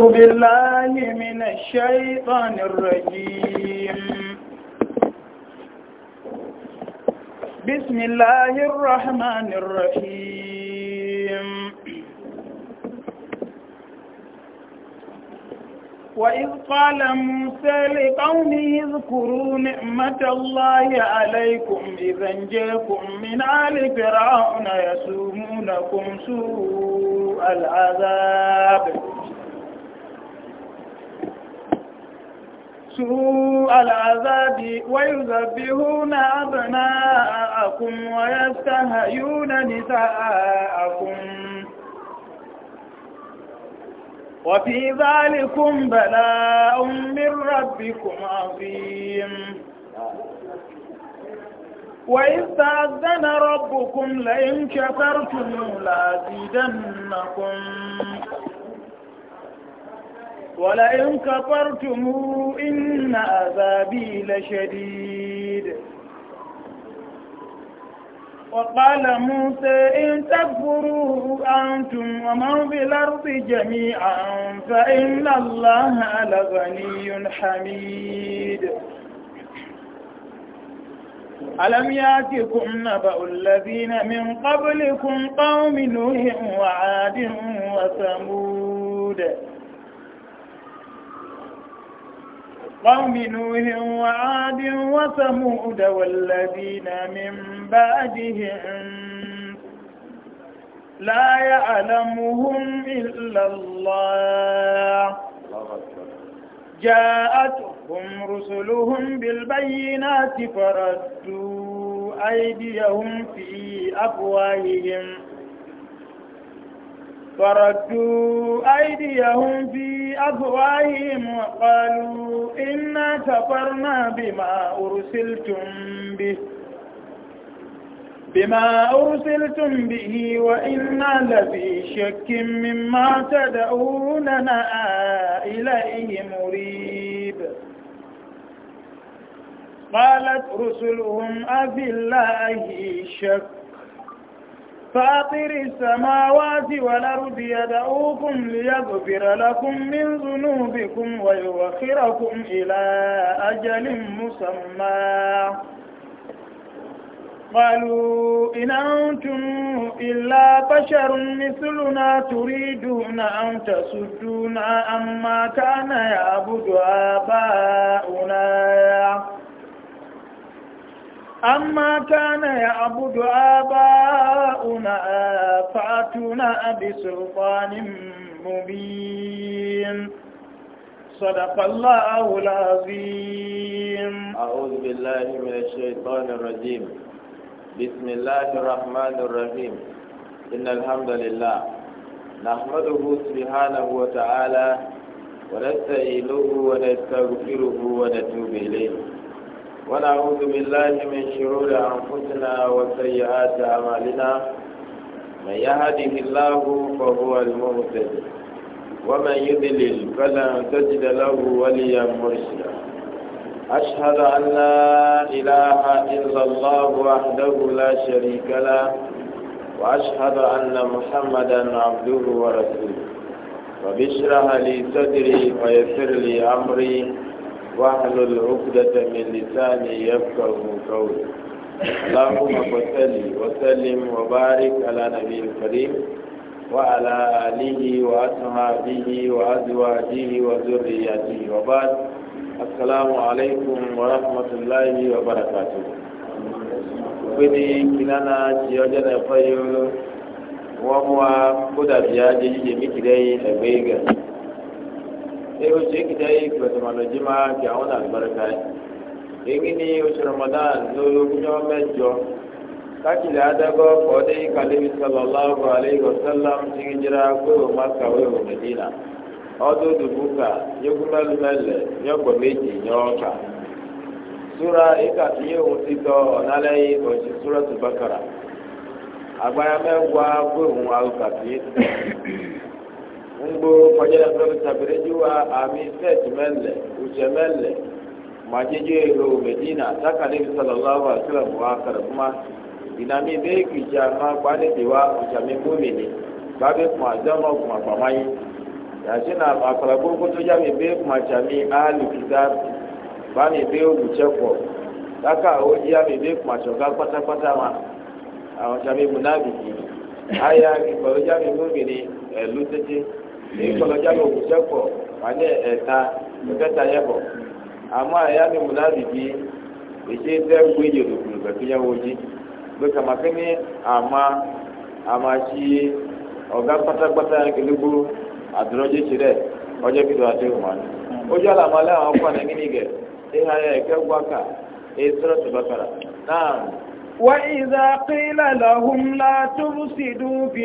بالله من الشيطان الرجيم بسم الله الرحمن الرحيم وإذ قال موسى لقومه اذكروا نعمة الله عليكم إذا انجاكم من آل فرعون يسومونكم سوء العذاب سوء العذاب ويذبحون أبناءكم ويستهيون نساءكم وفي ذلكم بلاء من ربكم عظيم وإذ تأذن ربكم لئن كفرتم لأزيدنكم ولئن كفرتم إن عذابي لشديد وقال موسى إن تكفروا أنتم ومن في الأرض جميعا فإن الله لغني حميد ألم يأتكم نبأ الذين من قبلكم قوم نوح وعاد وثمود قوم نوح وعاد وثمود والذين من بعدهم لا يعلمهم إلا الله جاءتهم رسلهم بالبينات فردوا أيديهم في أفواههم فردوا أيديهم في أفواههم وقالوا إنا كفرنا بما أرسلتم به بما أرسلتم به وإنا لفي شك مما تدعوننا إليه مريب قالت رسلهم أفي الله شك فاطر السماوات والأرض يدعوكم ليغفر لكم من ذنوبكم ويوخركم إلى أجل مسمى قالوا إن أنتم إلا بشر مثلنا تريدون أن تصدونا عما كان يعبد آباؤنا أما كان يعبد آباؤنا فأتونا بسلطان مبين صدق الله العظيم أعوذ بالله من الشيطان الرجيم بسم الله الرحمن الرحيم إن الحمد لله نحمده سبحانه وتعالى ونستعينه ونستغفره ونتوب إليه ونعوذ بالله من شرور أنفسنا وسيئات أعمالنا من يهده الله فهو المهتد ومن يضلل فلن تجد له وليا مرشدا أشهد أن لا إله إلا الله وحده لا شريك له وأشهد أن محمدا عبده ورسوله وبشرح لي صدري ويسر لي أمري واحلل عقدة من لساني يفقه قولي اللهم صل وسلم وبارك على نبي الكريم وعلى آله وأصحابه وأزواجه وذريته وبعد السلام عليكم ورحمة الله وبركاته kwedi kinana ti ọjọ na ẹfọ yìí wọn mú wa kó dàbí ajé jíjẹ mí kìlẹ yìí eyo ikpe dai kwata malaji ma ki awon albarka eyi ni oṣù ramadan lórí ọjọ́ mẹ́jọ kákìlì adágọ́ kọ́dé kàlẹ́bí sallallahu alayhi wa sallam ti ń jira kúrò medina ọdún dùbúkà yókùmẹ́lùmẹ́lẹ̀ yọ̀gbọ̀ méjì yọ̀ọ̀kà sura ìkà tí yóò sura tubakara ŋgbó kɔdza la kple tabere dzi wa ami set mɛlɛ utsɛ mɛlɛ madzedzo lo medina saka nebi sallallahu alaihi wa sallam wa kare kuma dinami be kidza ma gba ne de wa utsami mumini ba be kuma zɔmɔ kuma gbama yi yasi na akɔla gbogbo tó dza mi be kuma tsami alu kita ba mi be olutsɛ kɔ saka o dza mi be kuma tsɔ ga kpatakpata ma àwọn tsami munabiki aya ìgbàlódza mi mumini ɛlu eh, tete. ní ìkọlọjà ló kù sẹ́kọ̀ wà ya ẹ̀ta ẹ̀kẹta yẹ bọ̀ àmọ́ ni múnádìbí èsì tẹ́ gbé yòlò kùlù kẹ̀kẹ́ wọ́jì gbé kàmákẹ́ ọjọ bí lọ́wọ́ àti ni. ojú àlàmọ́ alẹ́ àwọn ọkọ̀ nàá ya gẹ̀ ìhà yẹ ẹ̀kẹ́ وإذا قيل لهم لا تفسدوا في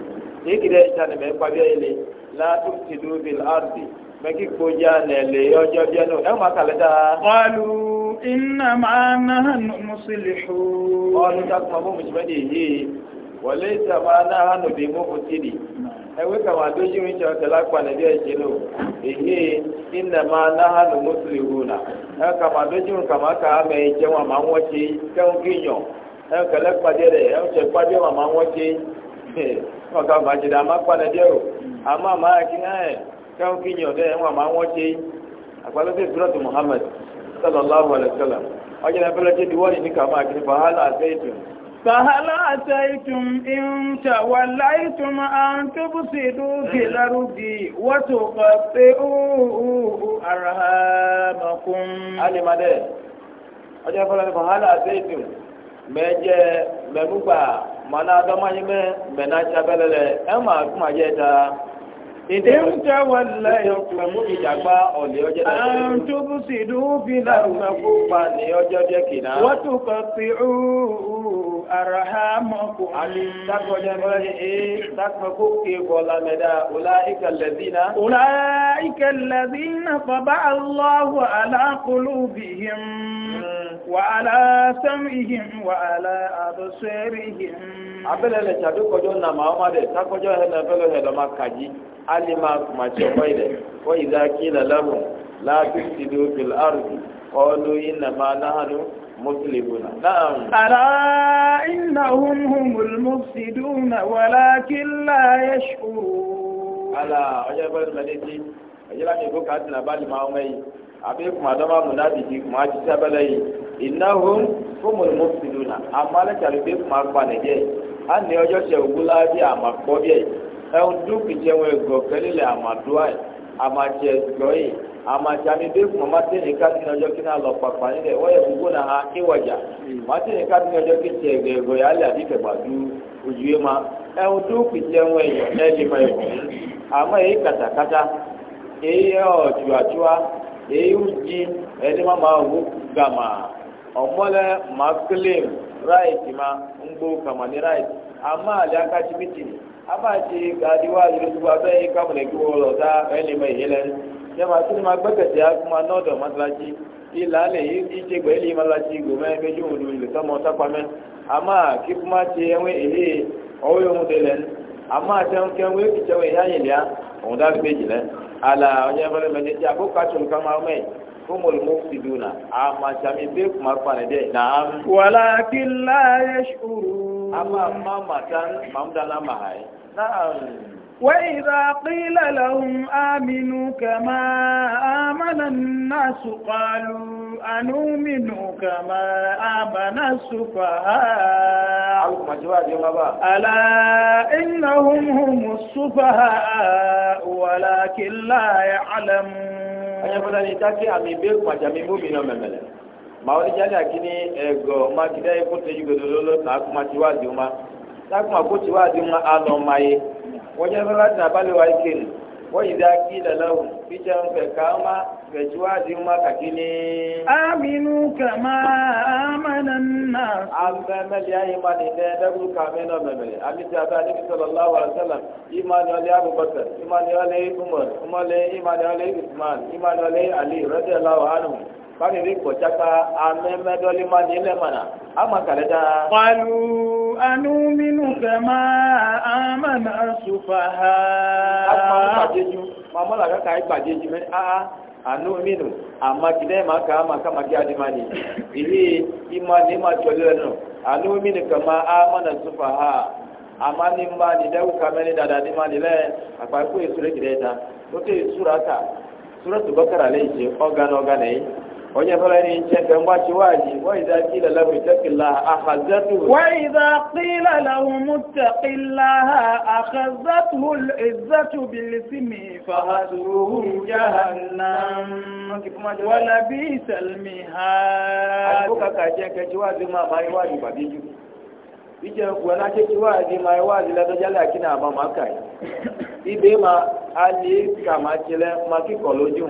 ekele ɛtsani mɛ kpa bi ayili la tu ti du bil ardi mɛ kí kpodza n'ɛlɛ ɔdzɔ bi ɛnu ɛmu aka lɛ taa. wàlú iná máa ná hànú mùsùlùmí. ɔnu ta kuma fún mùsùlùmí di yìí wọlé sàmà ná hànú bí mú kú ti di. ɛwé kàmá mi tsɔ tẹlɛ akpa n'ebi ɛtsɛ lò èyí iná máa ná hànú mùsùlùmí la ɛ kàmá dójú mi kàmá kà mɛ ìtsɛ wọn máa ń wọ́tsi kẹ́hún kí nyɔ ɛ kẹlẹ́ kpadé rẹ̀ ɛ wọn a máa jìnnà àmà o A àmà kìnnà ẹ káwọn kìnyìn ọdẹ ẹ wọn àmà wọn tẹ yìí àgbàlọ sí ìdúrọ̀tù muhammed sallallahu alayhi wa sallam wọn jìnnà abẹ́rẹ́ a diwọ́ọ̀lì ní kàmá àkìnnì fàhálà àtẹ́yìtùn. fàhálà àtẹ́yìtùn ìhùntà wà láyìtùn sí mana dama yi mɛ mɛ na ca bɛlɛ lɛ ɛma kuma yɛ ta. ìdíwùjẹ wẹlẹ ìpẹmú ìjàgbá ọlẹ ọjọ dẹ. àwọn tó bú sí dùn bí náà. àwọn ẹkú pa ní ọjọ dẹ kìnnà. wọ́n tún kọ sí ọ̀ọ́ arahamu kò. àmì dákọjá bá yẹ ẹ́ dákọ̀kọ́ kí bọ̀ lamẹ́dá ọ̀la ìkẹlẹ́dínà. ọ̀la ìkẹlẹ́dínà fọba aláwọ̀ alákòlù bìhìm. وعلى سمعهم وعلى أبصارهم abele le tsabi kɔjɔ nama ɔma de takɔjɔ hɛlɛ fɛlɛ hɛlɛ ma kadzi ali ma kuma tse kɔyi dɛ kɔyi dɛ aki le lɛmu la ti ti do fil ardi kɔɔlu yi nama nahanu مسلمون نعم ألا إنهم هم المفسدون ولكن لا يشعرون ألا أجل بل مليتي أجل أن abe kuma adama munafiki kuma aji sabala yi innahum amma la be kuma ne an ne ojo se bi ama ko bi e un du ki je ama ama je go ama be kuma ma te ka ni ojo ki na lo ni de o ye gugu na ha ki ma te ka ni ojo ki te ge go ya la bi ke gba du ma e un du ki je yo ma ama e katakata e èyí ń jí ma má máa omule gàmà ọmọlẹ máa kílèm ráìtì má ń gbó gàmà ní ráìtì àmà àlẹ akájí mítì abáàjì gàdíwá ìrẹsùgbọ le yìí kàmùlẹ kí wọn lọ dá ẹni mọ èyí lẹnu jẹmọ àti ní ma gbẹkẹtì akuma nọdọ mọtàlájì ìlà lati yí ìdíje gbẹlẹ mọtàlájì gòmẹ méjì òdu ìlú sọmọ sápamẹ àmà kí kúmá ti ẹwẹ èyí ọwọ yòówù ala ɔnyɛ fɛnɛ mɛ ne ti a ko katsum kama mɛ هم المفسدون أما شامي بيك مرفان دي نعم ولكن لا يشعرون أما ما متان ممدنا معي نعم وإذا قيل لهم آمنوا كما آمن الناس قالوا أنؤمن كما آمن السفهاء ألا إنهم هم السفهاء ولكن لا يعلمون أنا نتاكي أمي بيك مجامي مؤمنة مملا mawari jali akini ego makida ikutejugodololo na akuma tiwazi uma takuma kutiwazi uma alɔmaye wajen salat na balewa yake وإذا قيل لهم بجن فكاما فجواد ما ككني آمنوا كما آمن الناس أما مل يا إيمان إذا دبوا كامينا ممل أمي تابع النبي صلى الله عليه وسلم إيمان علي أبو بكر إيمان علي عمر إيمان علي عثمان إيمان علي علي رضي الله عنهم bani bi kɔ tsaka amɛmɛ dɔli ma ni lɛ mana ama kalẹ taa. wàlú anu minnu kẹmà amana sufaha. akpọ̀ gbàdéjú mamu la kaka yi gbàdéjú mɛ aa anu minnu amakidɛ ma ka ama kamaki adi ma ni ihi ima ni ma tsɔli lɛ nù anu minnu kẹmà amana sufaha amani ma ni dɛ wò kamɛ ni dada dị ma ni lɛ akpa kó esu lɛ kiri yɛ ta o tɛ esu la ta suratu bakara lɛ yi tse onye fara ni nchebe mgbachi waji وإذا قيل لهم اتق الله أخذته وإذا قيل لهم اتق الله أخذته العزة بالإثم فحسبه جهنم ولبئس المهاد أبوك كاجيك جواز ما ما يواجه بابيجو ije kuona cheki wazi mai wazi la dajala akina mama kai ibe ma ali kama chile makikoloju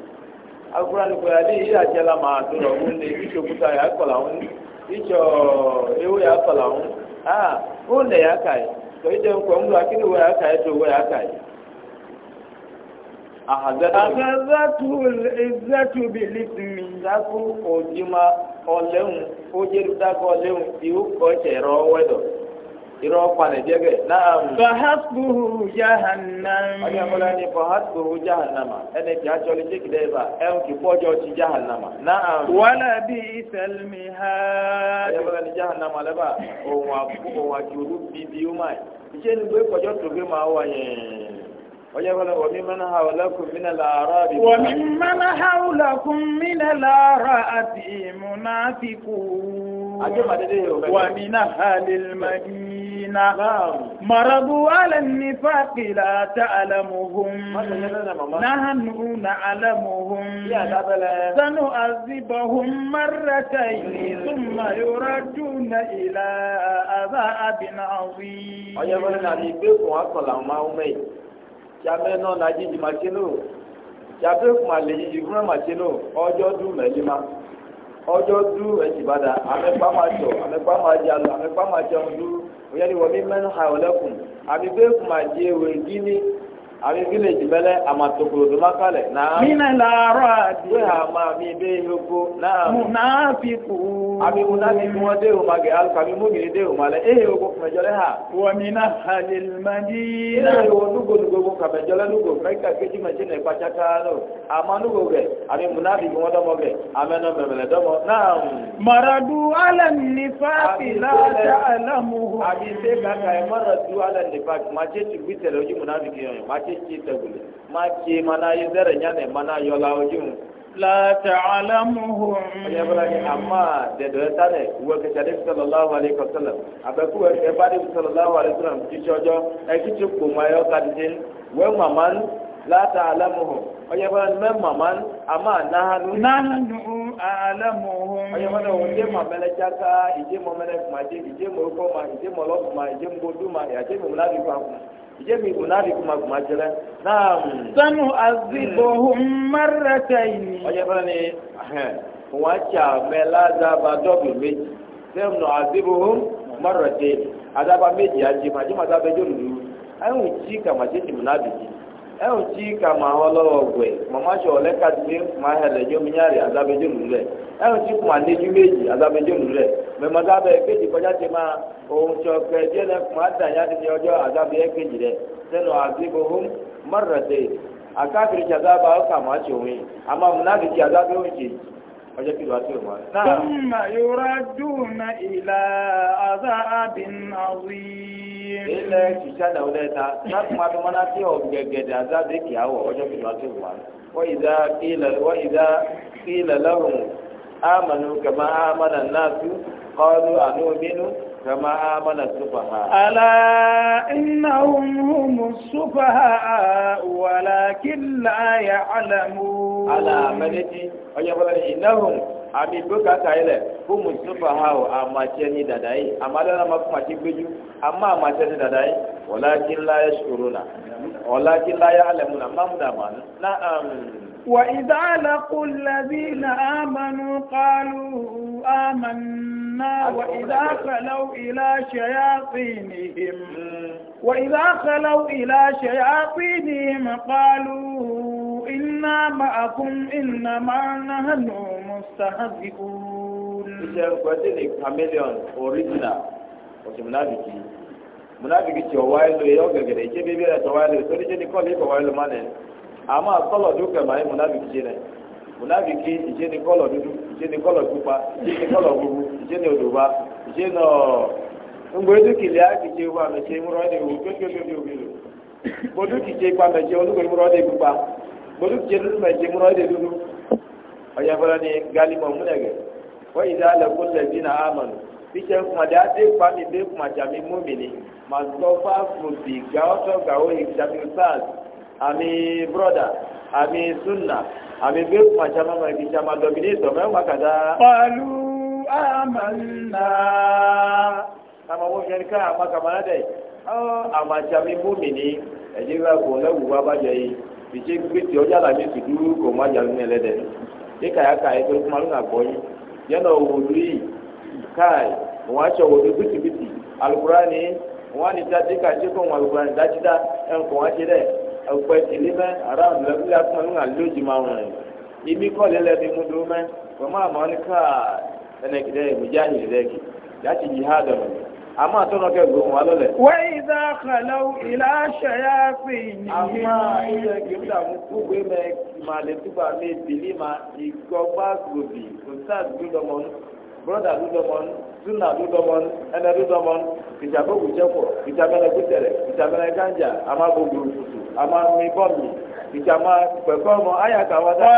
akurani kò ya yìí àjẹlá máa dúró òun lè ìṣe òkúta yà kọlà òun ìṣe ewu yà kọlà òun ah òun lè ya ka yìí tó ìṣe nǹkan ń lò akíni ya ka kà yìí tó wọ yà ìzẹ́tù bíi lítìmí dákú òjìmá ọ̀lẹ́hùn ó jẹ́rú dákú ọ̀lẹ́hùn irọ́ panẹ̀ jẹ́bẹ̀ náà. fahasbuhu jahannama. ọjọ́ ìfọlá ni fahasbuhu jahannama ẹni kì í aṣọ́lé jẹ́ kìlẹ̀ ibà ẹ̀hún kì í fọ́jọ́ ti jahannama náà. wàlá bí ìsẹ̀lmi ha. ọjọ́ ìfọlá ni jahannama lẹ́bà òun àkókò àti òru bíbí ọmọ ẹ̀. iṣẹ́ ni gbé kọjọ́ tó gbé máa wà yẹn. ọjọ́ ìfọlá wọ̀mí mẹ́nà ha wọ̀lẹ́kùn mí nà làárọ̀ àbí. wọ̀mí mẹ́nà ha wọ̀lẹ́kùn mí nà làárọ̀ àbí ومن أهل المدينة مرضوا على النفاق لا تعلمهم نحن نعلمهم سنعذبهم مرتين ثم يردون إلى عذاب عظيم Yàbẹ́ náà lájí jìmá sínú, yàbẹ́ kùmà lè yìí ìfúnná màá sínú ọjọ́ dùn mẹ́lí máa ọjọ́ dú ẹ̀sìn ìbàdàn àmẹ́pá máa jọ àmẹ́pá máa jẹ àlọ́ àmẹ́pá máa jẹun dú òyìnbó mi mẹ́nu ha ọ̀lẹ́kùn àmì bẹ́ẹ̀ kùn máa jẹ ewé gíní àmì village mẹlẹ àmàtòkòròdò mákàlẹ náà. nínú làárọ̀ àdé. wíwá àmà mi bẹ yòókù náà. munafiku. àmì munafiku wọn dé òun magẹ alùpàmì múgìrì dé òun malẹ èyí òkú kàmẹjọlẹ hà. wọmínà àlèlmàdì. nínú ìwọ nugonugogo kàmẹjọlẹ nugo mẹka kejì mẹjì nà ìpàtàkà lọ àmà nugo gẹ àmì munafiku wọn dọmọ gẹ àmẹnà mẹmẹlẹ dọmọ náà. maradu alẹ nífàkì láàjà alamuhu. àmì sẹ́kàkà ẹ̀ maradu alẹ nífàkì ti tsi tɛguli ma mana yi zɛrɛ nyane mana yɔla o yi ŋu. láti alamuhum. ɛyẹ bala ni ama dɛdɛ ta dɛ wɔ kɛtɛ de sɔlɔlawo ale kɔsɔlɔ abe ko ɛba de sɔlɔlawo ale sɔlɔ titsɔjɔ ɛtitsi kpoma yɔ ka di den wɔ maman láti alamuhum ɛyẹ bala ni mɛ maman ama nahanu. nahanu alamuhum. ɛyẹ bala o de mamɛlɛ jaka ìdè mɔmɛlɛ kuma de ìdè mɔkɔ ma ìdè mɔlɔ kuma ìdè mɔdu ma ìdè mɔmɛlɛ bi fa kun jẹ́mi munadi kuma kuma jẹlẹ náà. sanu azibohun marata yìí. ọjọ́ fẹ́rẹ́ ni wọ́n ṣà mẹ́lá dábàá dọ́bì méjì sanu azibohun marata yìí adábàá méjì ajé màjẹ́ màdá bẹ́jọ́ lulu ayé wọ́n ti kà yìí. ẹ ò tí kà máa wọ lọ́wọ́ gbẹ̀ màmá sọ lẹ́ka ti ní máa hẹlẹ̀ yóò mi yára àdábẹ́jọ́ lù rẹ̀ ẹ ò tí kùmà ní ju méjì àdábẹ́jọ́ lù rẹ̀ mẹ́mọ́ dábẹ́ kéjì kọjá ti máa ohun tí ọkẹ́ díẹ̀ lẹ́ kùmà dà yá ti di ọjọ́ kéjì rẹ̀ sẹ́nu ọkà máa àmọ́ ọjọ́ kìlọ̀ àti òmò rẹ̀. sọ́mà yorùbá dùnà ìlà àzá àbìn àwí. ilẹ̀ kìsàdà ọ̀dẹ́ ta láti máa dùnmọ́ náà tí ọ̀gẹ̀gẹ̀dẹ̀ àzá dé kì á wọ̀ ọjọ́ kìlọ̀ àti òmò rẹ̀. wọ́n ìdá kílẹ̀ lọ́rùn ámàlú kàmá ámàlà náà tú kọ́lù àánú mínú kàmá ámàlà sùfàhà. àlà iná humu sùfàhà wàlà kílà yà àlàmú. àlà mẹ́lẹ́dì ọ̀nyẹ́fọ́lá ni ìnáhùn àmì ìgbókàtà ilẹ̀ fún mùsùlùmí ha ò àmàtsẹ́ ní dàdá yìí àmàdára máa fún àti gbéjú àmà àmàtsẹ́ ní dàdá yìí ọ̀làjìlá yẹ sòrò nà ọ̀làjìlá yẹ alẹ́múnà mámúdà mà ná. وإذا لقوا الذين آمنوا قالوا آمنا وإذا خلوا إلى شياطينهم وإذا خلوا إلى شياطينهم قالوا إنا معكم إنما نحن مستهزئون Iṣẹ́ ìgbàdé ni chameleon original ọ̀sẹ̀ Mùnàbìkì. Mùnàbìkì tí ọ̀wá ẹlò yẹ ọ̀gẹ̀gẹ̀dẹ̀ ìṣe bíbí rẹ̀ tọ̀wá ẹlò torí jẹ́ ní kọ́ọ̀lù ìfọ̀wá ẹlò má Àmọ́ àkọ́lọ̀ dúkà máa ń Mùnàbìkì ṣe rẹ̀. Mùnàbìkì ìṣe ní kọ́lọ̀ dúdú, ìṣe ní kọ́lọ̀ pupa, ìṣe ní kọ́lọ̀ gbogbo, ìṣe ní ìṣe ní ngbe gbolu jẹnu ma jẹmúrọ de dúdú ọjà fọlọ ni galimọ múnẹgẹ wọn yìí dáa lẹkọọ lẹbi na amọnu fíjẹ kumadi adé kwami dé kumajami múmini mazọfa fòbi gawọtọ gawo ìjàmí sars Ami brother, ami sunna àmì gbé kumajama ma ìjàmá dọbìnrin ìtọmẹ wọn kàdá. pàlú àmàlà. kama wọn fẹẹ ká àmà kàmá náà dẹ ọ àmàjami múmini ẹ̀jẹ̀ bá kò lẹ́wù wá bàjẹ́ yìí. fìtsé gbèsè ọjà la mi tùdú kò má dza lu n'ẹlẹ dẹ yíka yà ká yẹ kó kuma ló ŋà gbọ́ owó káì wọn owó bìtìbìtì alukura ni wọn da dé kàtsé kó wọn alukura ni dati da ẹnkọ wọn atsé dẹ ẹkpẹ tìlí mẹ ara ibi ha àmọ́ àtọ́nà kẹ́ gbòòrùn wa lọ́lẹ̀. wọ́n ìdá kàlọ́ ìlà ṣẹ̀yà pè ní. àmọ́ ilẹ̀ kìlúdà mú kúgbé mẹ́ màlẹ̀ túbà mi bìlí ma ìgbọ́gbá gbòbì ustaz dúdọmọ́n broda dúdọmọ́n suna dúdọmọ́n ẹnẹ dúdọmọ́n ìjàgbọ́gbù jẹ́pọ̀ ìjàmẹ́lẹ̀ kútẹ̀rẹ̀ ìjàmẹ́lẹ̀ gánjà àmàgbògbò àmàmì bọ́ọ̀mì ìjàmà pẹ̀kọ́ ọmọ ayàkà wádà.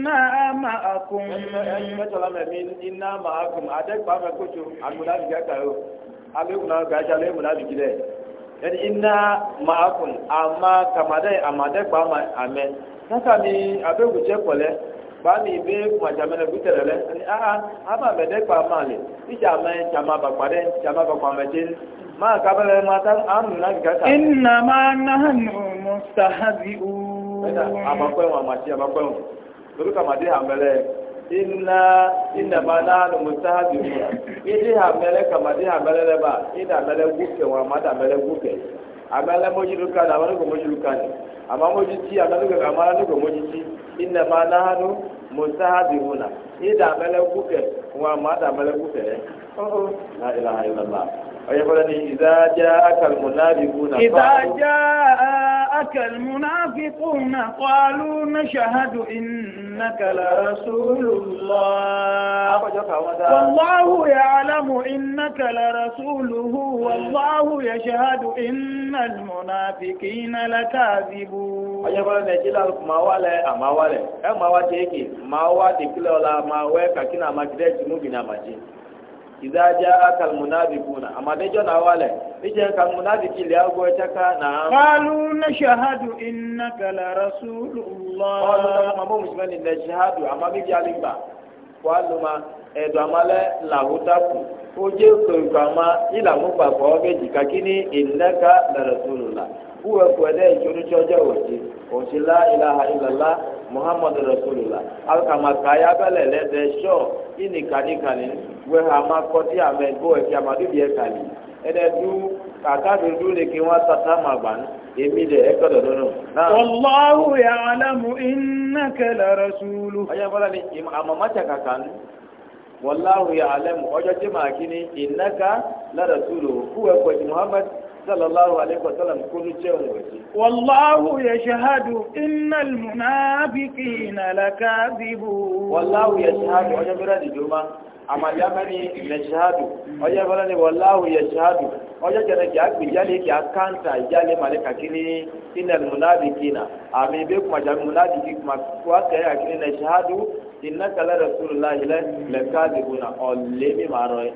inna ma'akum ẹni mẹ́tọ́ lámẹ̀ mi inna ma'akum àdẹ́gbà mẹ́kọ́tù àgbọ̀lábì gẹ́gà o alẹ́kùnà gàjà lẹ́mùlábì gílẹ̀ ẹni inna ma'akum àmà kàmàdẹ́ àmàdẹ́gbà àmẹ́ náà mi abẹ́gùjẹ́ pọ̀lẹ́ bá mi ìbé màjàmẹ́lẹ̀ gútẹ̀rẹ̀ lẹ́ ẹni mẹ́dẹ́gbà ìjà mẹ́ jàmà jàmà máa kábẹ́lẹ́ máa tán gàkà. máa náà nù kama torí kàmá dé hàmẹlẹ iná ìnàmà náà ló mú sáájú mi ìdí hàmẹlẹ kàmá dé ma lẹ bá ìdá mẹlẹ gúkẹ wọn àmà dà mẹlẹ gúkẹ àmẹlẹ mójúlù kan àmà nígbà mójúlù kan ni àmà mójú tí àmà nígbà mójú tí ìnàmà náà ló mú sáájú mi ìdá mẹlẹ gúkẹ wọn àmà dà mẹlẹ gúkẹ lẹ. ọ̀yẹ́fọ́lẹ́ ni ìdájá akàlùmọ́nàbíkúnà. ìdájá akàlùmọ́nàbíkúnà kọlu na ṣahadu iná kàlà rasulùlá. wàláhù ya alamu iná kàlà rasulùhù wàláhù ya ṣahadu iná mọ́nàbíkínà látàzíbù. ọ̀yẹ́fọ́lẹ́ ni ìjìlá mawalẹ̀ àmawalẹ̀ ẹ̀ mawa tẹ́ẹ̀kì mawa tẹ́kílẹ̀ ọ̀la mawẹ́ kàkínà àmàgídẹ́ jùmú bìnà màjí idza ja'aka almunafiquna amma dai jona wale nije kan munafiki le ago taka na qalu nashhadu innaka la rasulullah qalu ma bo musmani Shahadu. amma bi jalin ba qalu ma e do amale la hutaku oje ko kama ila mu pa ko be jikakini innaka la rasulullah uwe ko dai juru chojo oje o la ilaha illallah muhammadu rasulillah alikama kaya bẹlẹ lẹdẹ sọ ini kanikani wẹhẹ ama kọtí amẹ gbọ ẹfí amadu bíẹ kani ẹdẹ du kàkà mi du lè wọn tata ma gbà èmi dẹ ẹkọ dọdọ nù. wàlláhu ya'lamu innaka la rasulu. ọjọ́ fọlá ni àmọ̀mọ́tẹ̀ kàkà ní wàlláhu ya'lamu ọjọ́ tí màá kí ni innaka la rasulu kú ẹ̀kọ́ ti muhammadu sallallahu alaihi wasallam kunu cewa waje wallahu yashhadu innal munafiqina lakazibun wallahu yashhadu wajen bira di juma amma jamani yashhadu wajen bira ni wallahu yashhadu wajen jana ki akpi jale ki akanta jale malika kini innal munafiqina ami be kuma jami munafiki kuma kwa kai akini na shahadu innaka la rasulullahi la lakazibuna olemi maroi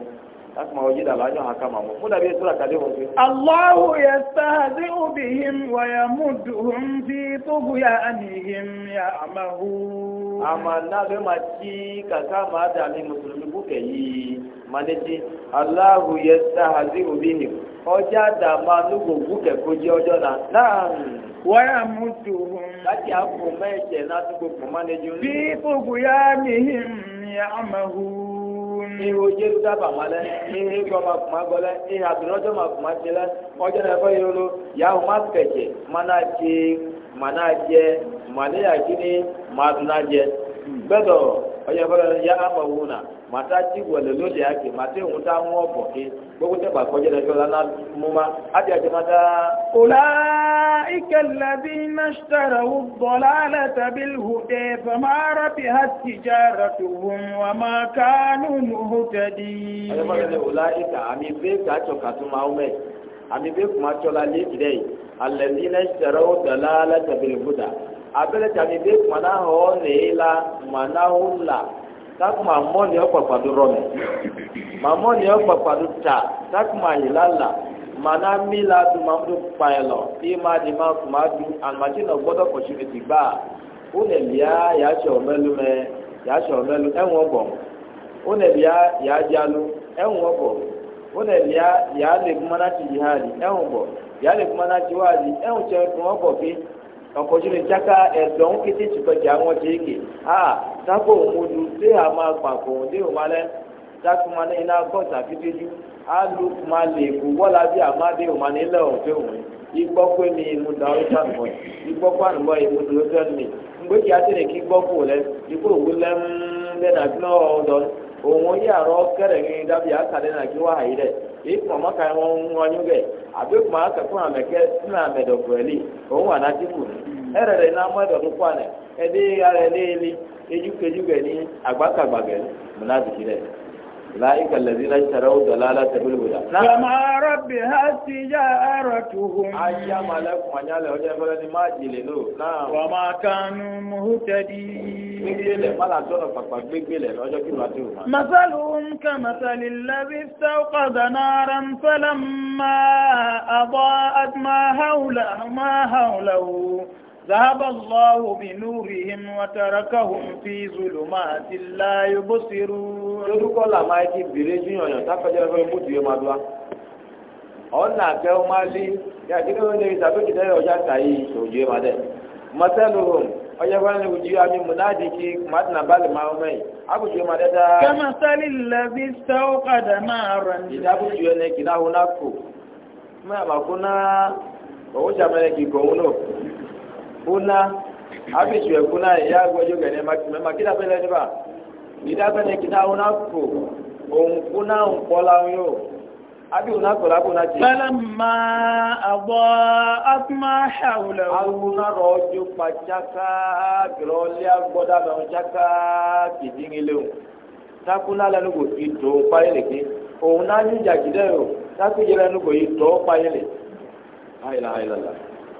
akuma wajida alajo hakama mu muda bi sura kale ho Allahu yastahzi'u bihim wa yamudduhum fi tughyanihim ya'mahu ama na be machi kaka ma da ni muslimi bu ke yi maneji Allahu yastahzi'u bihim oja da ma nu go bu ke ko je ojo na na wa yamudduhum lati apo meje na tu go maneji fi tughyanihim ya'mahu iho jesu daba ma lɛ ihe gbɔ ma kuma gbɔ lɛ ihe adunɔjɔ ma kuma tsi lɛ ɔjɔ na ɛfɛ yolo yahu ma kɛtsɛ ma na tsi ma na jɛ ma ne ya kini ma du na jɛ gbɛdɔ ɔjɔ na ɛfɛ yolo ya ama wu na ma ta wɛlɛ lóde ake ma te ŋu ta ŋu ɔbɔ ke. gbogbo tẹ́ bá kọjá lẹ́jọ́ lánàá mú ma ábí àti má dáa. Kùlá ìkẹlẹ́bí iná ṣẹ̀rẹ̀ wù bọ̀lá lẹ́tàbí hùdẹ fàmárà bí a ti já ràtò wọn wà máa kánú nùhù tẹ̀dí. Àyẹ̀mọ́lẹ́ ni Kùlá ìkà àmì bẹ́ẹ̀ kà á tọ̀ kà tó máa mẹ́. takuma mɔni yɛ kpakpado rɔmɛ ma mɔni yɛ kpakpado ta takuma yi la la mana mi la du ma do kpaɛ lɔ ima di ma kuma du alimati nɔ gbɔdɔ kɔsi fiti gba one bia yatsɛ ɔmɛlu mɛ yatsɛ ɔmɛlu ɛŋɔ e bɔ one bia yadzalu ɛŋɔ e bɔ one bia yale kumana ti yi ha di ɛŋɔ e bɔ yale kumana ti wa di ɛŋɔ tsɛ kɔn bɔ fi. ọkọjúni tsaka ẹdọ ń kété tìkọjà wọn tẹ eke a tako òmudu tẹ a máa gbà kó o ní òun alẹ tako ma ní iná gọta fífẹjú alu ma lè kú wọlá bí a má dé òun alẹ lẹ òfé òun igbọkú mi mu da ọ ta nùbọ igbọkú ànùbọ yìí mu dùn ó fẹ mi lẹ ikú òwú lẹ ń lẹ nàdúrà òun yí àrọ kẹrẹ̀ngẹ́ dábì àkàdé náà kí wàá yìí dẹ̀ ikú ọmọ kan wọn ń wọnyú gẹ̀ àbí kùmà kẹfún àmẹkẹ sínú àmẹdọ̀gbọ̀ẹ́lì òun wà láti kù ẹrẹ̀ rẹ̀ náà mọ́ ẹ̀dọ̀dún kú àná ara ní أولئك الذين اشتروا ضلالة بالهدى فما ربحت تجارتهم أن يملك من يلهج فلن ما جلدوا نعم وما كانوا مهتدين مثلهم كمثل الذي استوقد نارا فلما أضاءت ما حوله ما حوله ذهب الله بنورهم وتركهم في ظلمات لا يبصرون lórúkọ la máa ti bèrè júyàn táfẹ́jọ́ fẹ́ ta yìí òjò ẹ̀ máa dẹ̀ mọ̀tẹ́lù hom ọjà fún ẹni ojú àmì múnáàdì kí iji bàlẹ̀ máa ń mẹ́yìn àbùjọ máa dẹ́ dáa. kẹ́mọ́sálì lẹ́bí sẹ́wọ́ padà náà kuna afichwe kuna ya gwajo gane ma kida pele ni ba ida pele kida una ko on kuna on kola yo abi una kola kuna ti falamma adha atma hawla aluna rojo pachaka grole agboda ba chaka kidingile o takuna la nugo ito paile ki ona ni jagide o takujira nugo ito paile aila aila la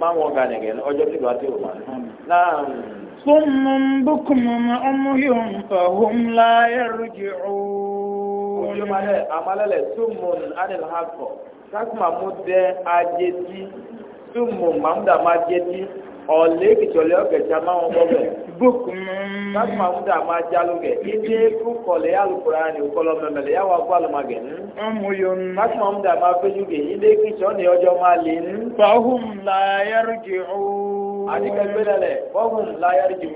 máwọn ọ̀gá nìkẹ́ ọjọ́ tí ìlú àti òun máa náà. صم بكم عمي فهم لا يرجعون amalẹlẹ sumun anil hakọ kakuma mu mụ ọ̀lẹ́ kìtọ̀lẹ́ a máa wọn bọ́bẹ̀. bukun. káàkiri mm. àwọn ọmọdé àmọ́ ajálù gẹ̀. ilé kúkọ̀lẹ́ alukura ni òkọlọ́ mẹ́mẹ́lẹ́ yà wà fún alùmọ̀gẹ̀. Mm. ọmọ yòó nù. káàkiri ilé ni ọjọ́ máa lè mm.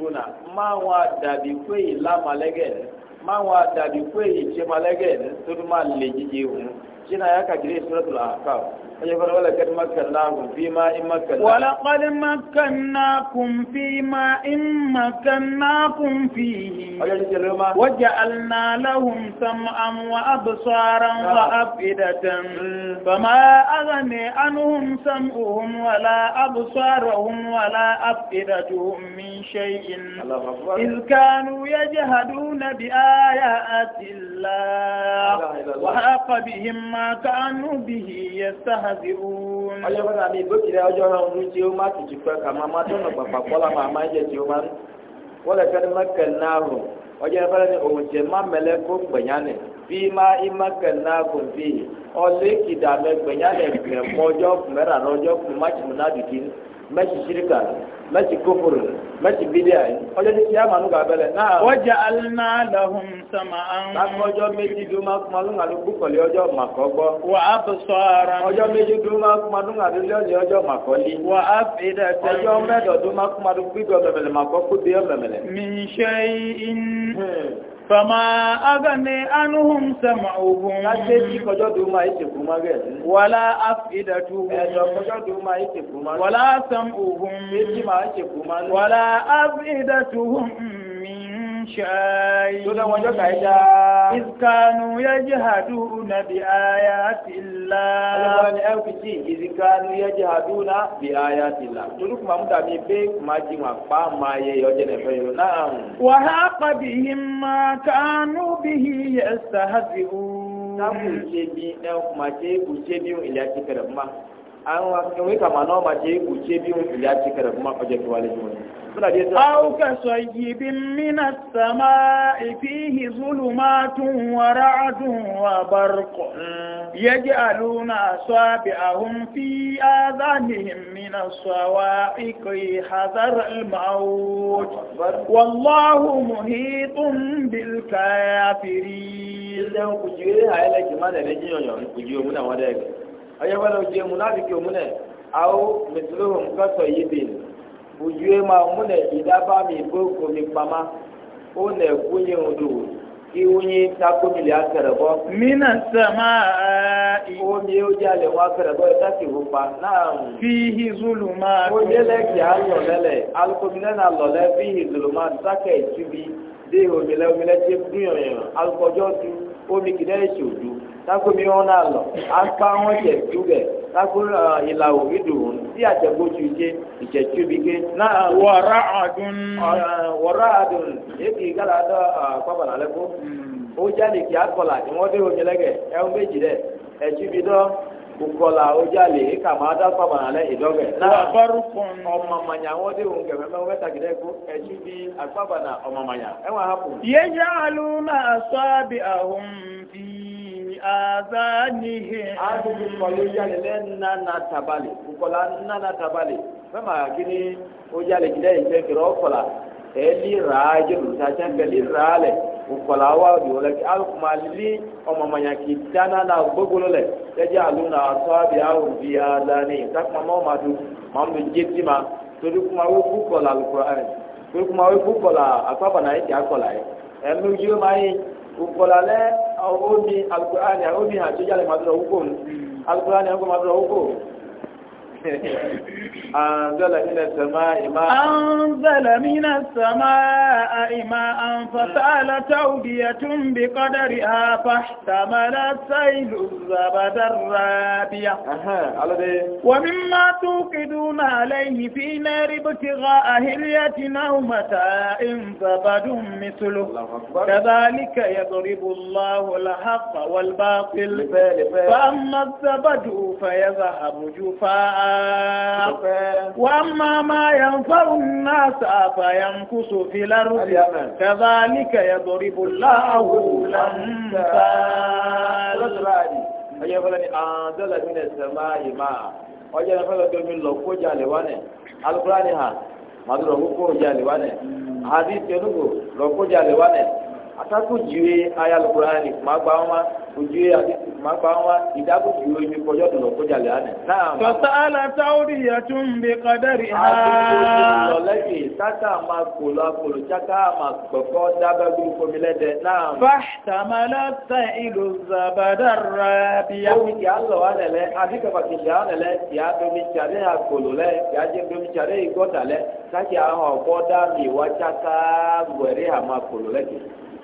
nù. na máa wọn pé ولقد مكناكم فيما إن مكناكم إن مكناكم فيه وجعلنا لهم سمعا وأبصارا نعم. وأفئدة فما أغني عنهم سمعهم ولا أبصارهم ولا أفئدتهم من شيء إذ كانوا يجهدون بآيات الله وحاق بهم ما كانوا به يستهزئون ọjọ́ fún mi ìgbókìlẹ̀ ọjọ́ ọ̀run ní tí ó má ti jùpẹ́ kà máa má tọ̀nà pàpà kọ́lá máa má jẹ́ tí ó má ń wọ́n lè fẹ́ ní mẹ́kẹ̀ náà ọjọ́ síríkà mẹ́tì kófòrò mẹ́tì bídíà yìí ọjọ́ tí yá màánù gà bẹ́lẹ̀ náà. wọ́jà alná lahùn sàmà án. láti ọjọ́ méjì dùn máa kuma lóhùn àti búkọ̀lì ọjọ́ màkọ́ gbọ́. wà á bẹ sọ ara. ọjọ́ méjì dùn máa kuma lóhùn àti lọ́ọ̀lì ọjọ́ màkọ́ lé. wà á fi dẹ tẹ. ọjọ́ mẹ́dọ̀ dùn máa kuma lóhùn gbígbọ́ mẹ̀mẹ̀lẹ̀ màkọ́ kó Fàmà agàmì anúhùn sàmàhùn. Láti tí kọjọ́ tó máa ìtì fún máa rẹ̀. Wàlá àfìdàtú. Ẹ̀jọ̀ kọjọ́ tó máa ìtì fún máa. Wàlá sàmàhùn. Méjì máa ìtì fún máa. Wàlá شيء إذ يجهدون بآيات الله إذ كانوا يجهدون بآيات الله تلوك ما مدامي بيك ما جمع ما يجن نعم وحاق بهم ما كانوا به يستهزئون نعم وشيبي نعم ما شيء وشيبي إلى كفر ما an kawai kama nawa mace kuce biyun ya ce kada kuma kwaje ki wale jiwa suna dai sai au ka sayyibin min as-sama'i fihi zulumatun wa ra'dun wa barq hmm. yaj'aluna asabi'ahum fi adhanihim min as-sawa'iqi hadar al-maut wallahu muhitun bil kafirin dan kujire hayala kima da ne jiyo yo kujiyo muna wada ọyẹ́wọ́n lọ jẹ́ múnáfíkì òmúnẹ̀ àwọ̀ mẹtìlóhùn kọ́sọ̀ ojú ẹ omi ó nà odò kí wúnyí mina sama ó wọn ẹta ti pa náà. fihi zulu a lọ lẹlẹ alukominẹ náà lọ lẹ fihi zulu máa sákẹ ìtubi dé omi lẹ omi lẹ tẹ fún yọnyọ alukọjọ omi ẹ tako mi wọn náà lọ akpa wọn jẹ tubẹ tako ìlà òbí tí àjẹgbótu jẹ ìjẹtù bí ké. náà wọ̀rọ̀ àdùn. wọ̀rọ̀ àdùn èkì kálá dọ̀ lẹ́kọ́. Hmm. ó jáde kí akọ̀là wọ́n dé omi lẹ́gẹ̀ ẹ̀hún méjì dẹ̀ ẹ̀tù bí dọ́ ojale eka da na lɛ idɔgɛ. na ɔmamanya wɔn de ohun kɛmɛ mɛ wɔn ta gidɛ ko bi akpa bana ɔmamanya ɛwɔ hapu. alu ma bi ahun fi. azanihim azụghị nkọli ojale nna na tabali nkọla nna na tabali fẹmà kini ojale jide ìfẹ kẹrẹ ọkọla raa ràá jẹrùsà jẹmbẹ ní ràá nkọla wa yòó lẹ alùpùpù lili ọmọ manya kì na gbogbo le jẹjẹ àlù na atọ bi ahùn bí azanihim takuma mọ ma ma ma kuma kọla kuma ukolale au umi alqur'ani au umi hatuja le madro huko alqur'ani huko أنزل من السماء ماء أنزل من السماء ماء فسأل توبية بقدرها فاحتمل السيل الزبد الرابية ومما توقدون عليه في نار ابتغاء هلية أو متاع زبد مثله كذلك يضرب الله الحق والباطل فأما الزبد فيذهب جفاء وأما ما ينفع الناس فينكس في الأرض كذلك يضرب الله الأمثال ọjọ́ ìfẹ́lẹ́ ni àǹdọ́lẹ̀ mi nẹ̀ sẹ̀ máa yìí máa ọjọ́ ìfẹ́lẹ́ tó mi lọ kó jà lẹ́wà nẹ̀ alukura ni hà atako dziwe ayalukuraani kuma gba wa o dziwe adisi kuma gba wa idako dziwe mi kɔjɔ dɔlɔ ko jalè anɛ. tọ́sá ala sáwùrì yàtún bí kadàrí ha. àtúntò lọ́lẹ́yìn sáká máa kóló akóló sáká máa gbọ̀kọ́ dábẹ́ gbúrú fomi lẹ́dẹ̀ náà. fàtàmàlà sa ìlú zabada rabiya. omi kì á lọ wa lẹlẹ àbí kaba kì í lọ lẹ kì á domi tsare akóló lẹ kì jẹ domi tsare igọta lẹ sáké àwọn ọgbọdá mi wá sáká gbẹrí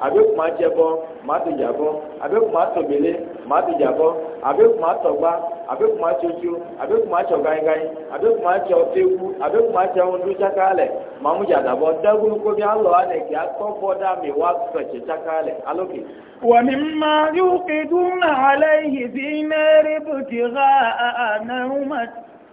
abe kuma jɛbɔ ma to jabɔ abe kuma tobele ma to jabɔ abe kuma tɔgba abe kuma tsotso abe kuma tsɔ ganyiganyi abe kuma tsɔ teku abe kuma tsɔ ŋdu tsaka lɛ mamu dzadabɔ dagunu ko bi alɔ anɛgɛ akɔbɔ da mi wa fɛtsɛ tsaka lɛ aloke. ومما يوقدون عليه في نار ابتغاء نومة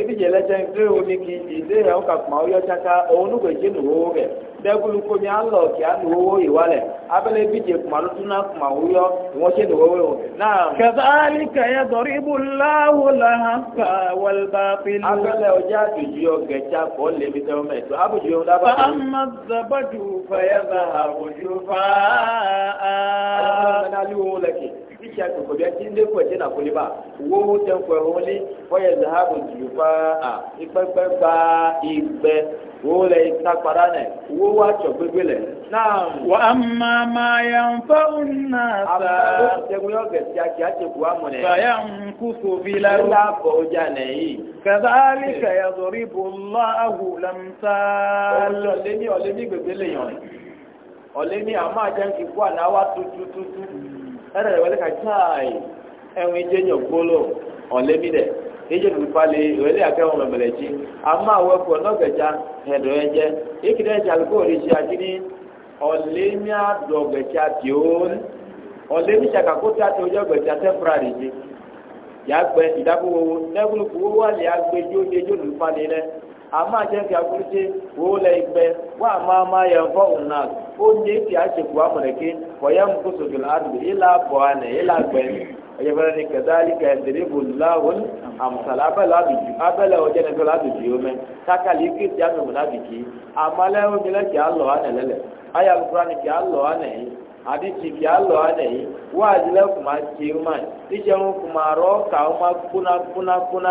ebi lɛ tɛ nkiri wo ni ki ide yawo kakuma wo yɔ tsaka owo nu gbedze nu wowo kɛ dɛkulu ko mi alɔ kia wowo yi wa lɛ abɛlɛ ebidze kuma lu tuna kuma wo yɔ wɔn tse na. wowo yɔ la hàn ká faa. kisha tukobya tinde kwa tena kuliba wo ten kwa holi wa yadhabu jufa a ipepe ba igbe wo le takpara ne wo wa tso gbegbe le naam wa amma ma yanfa'u nnas amma tẹmu yọ gẹsi aki ati ku amu ne faya nkusu bila ru la bọ ja ne yi kadhalika yadribu allahu lamsal ọlẹmi ọlẹmi gbegbe le yan ọlẹmi àmọ àjẹnkì fún àná wa tutututu ɛrɛ wɛlɛ ka tsaai ɛŋu idze nyɔ gbolo ɔlɛ mi dɛ idze nu pali wɛlɛ akɛ wɔn mɛmɛlɛ tsi ama awɔ kɔ nɔgɛdza ɛdɔ yɛ dze eki dɛ dza aliko ɔli tsi adini ɔlɛ mi adɔ gbɛtsa pion ɔlɛ mi tsaka kó ta tó dze gbɛtsa tɛfra di dzi yagbɛ idakowowo nɛkulu kowowo ali agbɛdzo idze nu pali lɛ ama jẹ kí akulite wò lẹ ìgbẹ wà má má yẹ fọ ònà ó nyé kí atseku amúnẹké wọyẹ nkoso gbèlè adùn ìlà bọ ànẹ ìlà gbẹ ẹyẹfẹlẹ ni kẹdàlí kẹdẹlẹ bòlá wọn àmùsàlẹ abẹlẹ abìjì abẹlẹ ọjẹ nẹfẹlẹ abìjì yomẹ kakali kéde amẹmọ n'abìjì amalẹ wọnyẹlẹ kí alọ ànẹ lẹlẹ ayalukura ni kí alọ ànẹ yìí àdìsí kí alọ ànẹ yìí wọ́n àdìlẹ kùmà tì í kùmà rọ́ kà ó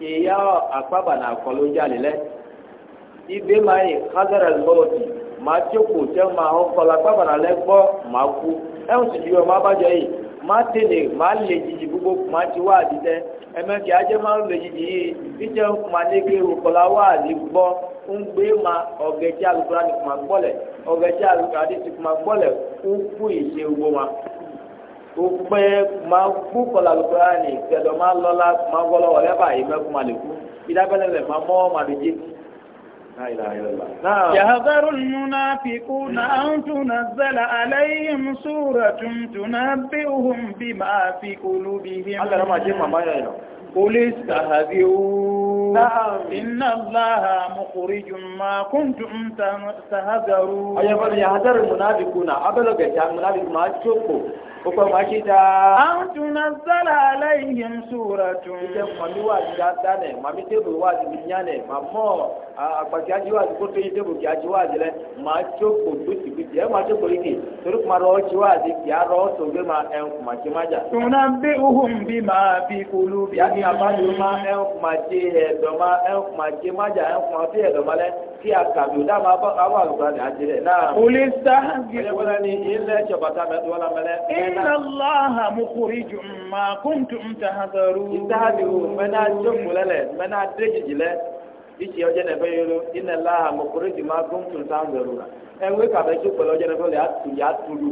eya akpaba na akɔlɔdza li lɛ ibe ma yi hazara lɔɔdi ma tso kpo tɛ ma hɔ kɔlɔ akpaba na lɛ gbɔ ma ku ɛhun si di o ma ba jɛ yi ma tele ma le dzidzi gbogbo ma tsi wa di tɛ ɛmɛ kì adze ma le dzidzi yi idze ma ne ke o kɔlɔ wa di gbɔ ŋugbe ma ɔgɛtsi alukura ni kuma gbɔ lɛ ɔgɛtsi alukura di ti kuma gbɔ lɛ uku yi se gbɔ ma. ukpe ma ku kɔla lukurani kɛlɛ ma lɔla ma wɔlɔ wɔlɛ ba yi mɛ kuma le ku idabɛlɛ lɛ ma mɔ ma do dzi. يهذر المنافقون أن تنزل عليهم سورة تنبئهم بما في قلوبهم. قل استهزئوا إن الله مخرج ما كنتم تهذرون أيها بل يهذر المنافقون أبلغ جاء المنافق ما تشوفوا وكما ما شتا أن تنزل عليهم سورة إذا ما ميواد جاتاني ما ميتبوا واد بنياني ما مو akpati adziwa ti koto yi tebo ki adziwa di lɛ ma tso kpo do ti bi tiɛ ma tso kpo yi torí kuma rɔ ɔtsiwa di kia rɔ sɔgbɛ ma ɛn kuma tse ma dza. tuna bi uhum bi ma bi kulu bi. yanni a ma do ma ɛn kuma tse ɛdɔ ma ɛn kuma tse ma dza ɛn kuma fi ɛdɔ ma lɛ fi akabi o dama awo alukura ni ati dɛ naa. olè sá. ɛlɛ wɛrɛ ni ilé tsɔbata mɛ tó wala mɛ lɛ. inna allah mukuri juma kuntum tahazaru. isahabi o mɛ n'a tso mɛ ichi ọjọ́ nẹfẹ yoro iná láha mọ̀kúrò jù máa gún tún sáà ń zọrọ la ẹ ń wé kàbẹ́ tó pẹ̀lú ọjọ́ nẹfẹ lẹ́yà tù yà tulu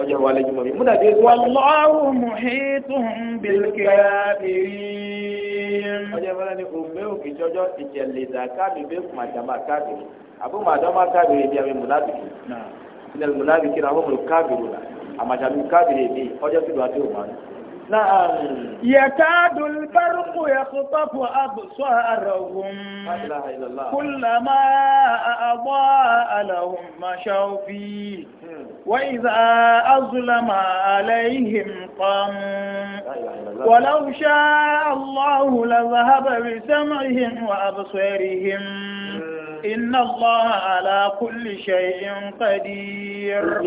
ọjọ́ wa lẹ́yìn mọ̀mí. múna bí wọ́n lọ́wọ́ muhitun bilkaafirin. ọjọ́ ìfọlá ni òmé òkè jọjọ́ ìjẹ̀lẹ̀ dàkàbí bẹ́ẹ̀ kùmà jàmbá kábìrì àbúmọ̀ àdọ́mà kábìrì bí abẹ́ mùnàbìkì. ilẹ̀ mùnàbìkì náà wọ́n mú kábìrì la àmàjàmbí نعم يكاد البرق يخطف أبصارهم لا إله إلا الله كلما أضاء لهم مشوا فيه وإذا أظلم عليهم قاموا ولو شاء الله لذهب بسمعهم وأبصارهم إن الله على كل شيء قدير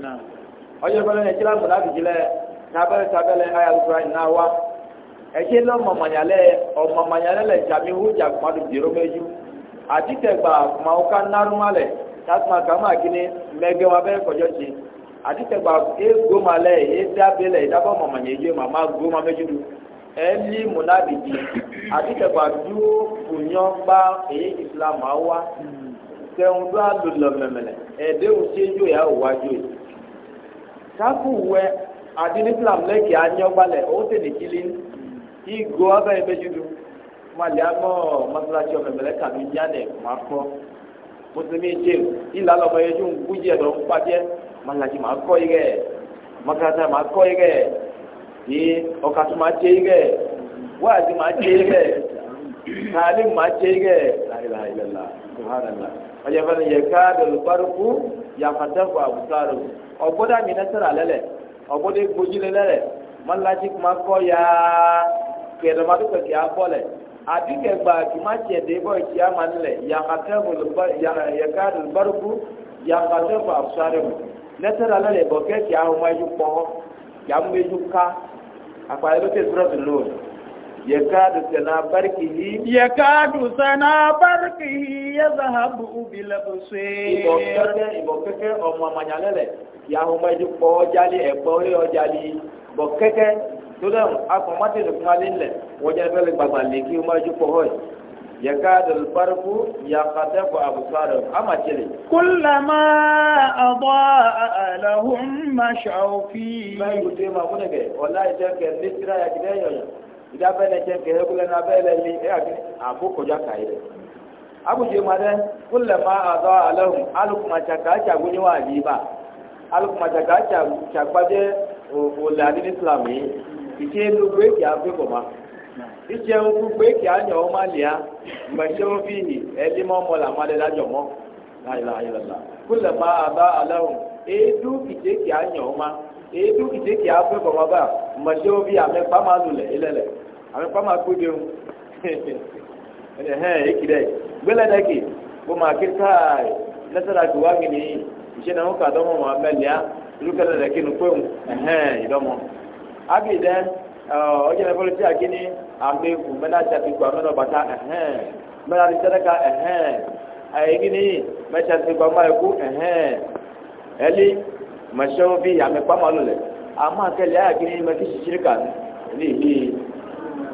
نعم ọjọ́ ìbọn ẹ̀kí lámù láti jílẹ̀ tábẹ́lẹ̀ tábẹ́lẹ̀ ayélujára iná wa ẹ̀kí lọ mọ̀mọ̀nyálẹ̀ ọ̀mọ̀mọ̀nyálẹ̀ lẹ̀ jàmí hújà kumadu dèrò méjú àtìtẹ̀gbà màá ká nánú alẹ̀ tásùmá kàmá kíní mẹ́gẹ́ wa bẹ́ẹ̀ kọjọ́ tsi àtìtẹ̀gbà égoma lẹ̀ édábẹ́ lẹ̀ ìdábọ̀ mọ̀mọ̀nyẹ́ ɛli munadidi atitɛgba du funyɔgba eye islam awa tɛŋu do alolɔ mɛmɛ lɛ ɛdɛ wotse dzo ya owa dzo yi kaku wɛ adini flam lɛ kia nyɔgbalɛ o te ne kili igo ava yi be dzidu mali amɔ masalasi ɔmɛ mɛlɛ kanu yanɛ ma kɔ musulmi tse ila lɔ mɛ yedu ŋkudzi ɛdɔ ŋkpadiɛ masalasi ma kɔ yi kɛ masalasi ma kɔ yi kɛ yi ɔkatu ma tse yi kɛ wɔyasi ma tse yi kɛ kaali ma tse yi kɛ ayila ayila la subhanallah ɔyɛ fɛnɛ yɛ kaa dɔlɔ kpari ku yafatɛ fɔ ọgbọdọ mi nẹsẹrẹ alẹ lẹ ọgbọdọ egbodzi lẹ lẹ mọlẹdzi kuma kọ yaa kẹrẹmadu kẹkẹ abọ lẹ abi kẹgba kuma tiẹ de bọ etsi ama ni lẹ yakatẹ wòlùbọ yaka lùbọrùkú yakatẹ fà sọrọ mu nẹsẹrẹ alẹ lẹ bọ kẹkẹ ahoma edu kpọ yamu edu ka akpa yẹ lọ يكاد سنا بركه يكاد سنا بركه يذهب بالبصير ibokeke ibokeke ọmọ amanyalẹlẹ yahoma ẹdi kpọ ọjali ẹkpọ ri ọjali bọkeke tódà akọmọtì nìkan alẹ lẹ wọjà fẹlẹ gbàgbà lẹkì ọmọ ẹdi kpọ họyì. يكاد البرق يقطف أبصارهم أما تلي كلما أضاء لهم مشوا فيه ما يقول ما هناك والله إذا كان نسرا يكذا ìdá abẹ́lẹ̀ jẹ́ kẹ́ ẹ̀kúlẹ̀ náà abẹ́lẹ̀ lé ẹ̀ àbí àbó kọjá kàyé rẹ̀. abùjẹ madẹ máa àlẹ́hùn bá òòlù yìí ìṣe gbé fi ma ìṣe ń kú gbé kìá yàn ọ́ má lìá gbẹ̀ṣẹ́ ń fi hì ẹ̀dí mọ́ mọ́ làmọ́ adẹ́dájọ́ mọ́ láìláìlọ́lá èédú àmì pàmò àkójọ ẹhẹn èkì dẹ gbẹlẹ dẹkì kó máa ké káàì lẹsẹrẹ àti wá mi nìyí ìṣe náà ń kà dọmọ mọ amẹlẹa olùkẹlẹ dẹkì nù pé ẹhẹn ìdọmọ ábì dẹ ọjọ ìfọlù tí a kí ni àmì ìfúnmẹ́lá ṣàfikù àmẹ́nà bàtà ẹhẹn mẹ́lá ti sẹ́dẹ́ka ẹhẹn àyèkí nìyí mẹ́ṣà ti gbàgbọ́ ẹ̀kú ẹhẹn ẹlí mẹ́ṣẹ́ wọn fi àmì pàmò àlọ́ lẹ̀ àmọ́ àkẹlẹ́ àyàkí ni mẹ́kì ṣiṣẹ́ kà ní ìlú yìí.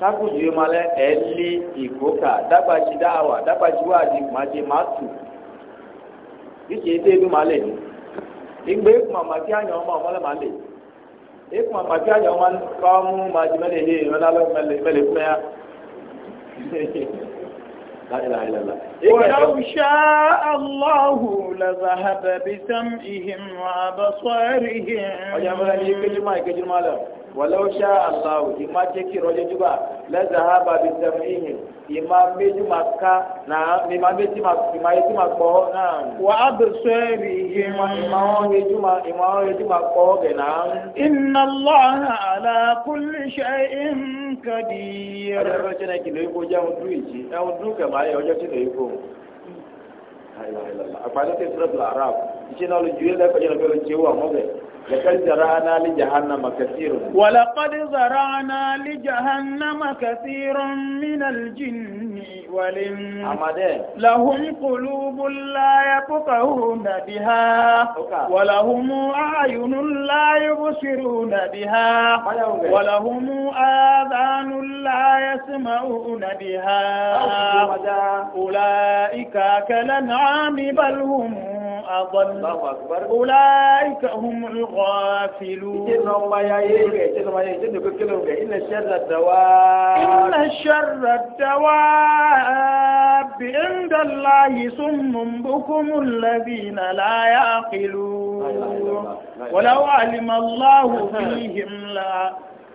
takuju yi ma lɛ ɛli ìkóka dagbadzi dáhàwà dagbadzi wáàdì màdì màtù títí ètè edu ma lè ní ìgbé ekuma màtí anyọ ọmọ ọmọ lẹ lè ekuma màtí anyọ ọmọ kọ́mú màdì mẹlẹ hẹ mẹlẹ mẹlẹ mẹlẹ fún ya. ولو شاء الله لذهب بسمعهم وأبصارهم. walau sha Allah ima jeki roje juba la zahaba bi tamihim ima meji maka na ima na wa absari ima na inna Allah kulli na kilo ibo ja odu e odu ke ma ye ojo ti le ibo la ilaha illallah ije na لقد زرعنا لجهنم كثير ولقد زرعنا لجهنم كثيرا من الجن محول لهم قلوب لا يفقهون بها ولهم أعين لا يبصرون بها ولهم آذان لا يسمعون بها أولئك كالأنعام بل هم أضل أولئك هم الغافلون إن الشر الدواء إن الشر الدواء الداب عند الله سم بكم الذين لا يعقلون ولو علم الله فيهم لا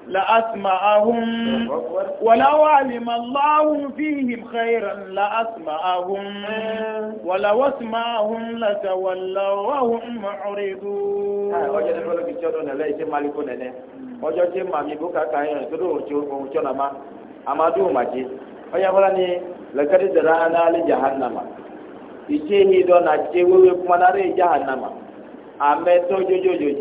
لأسمعهم ولو علم الله فيهم خيرا لأسمعهم ولو أسمعهم لتولوا وهم معرضون ọjọ́ tí màmí bó kàkà yẹn tó dòwò tí ó ń fọwọ́ tí ó nà má amadu òmàjé onye ọbụla ni lekadidara ha n'alị jahannama icheghi dọ na che wewe kuma nara jahannama ameto jojojoji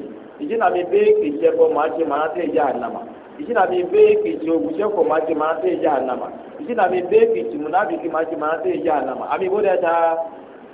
ichi na mi bee kiche bụ ma che ma nata jahannama ichi na mi bee kiche ogwuche kwụ ma che ma nata jahannama ichi na mi bee kiche munabiki ma che ma nata jahannama ami bụ deta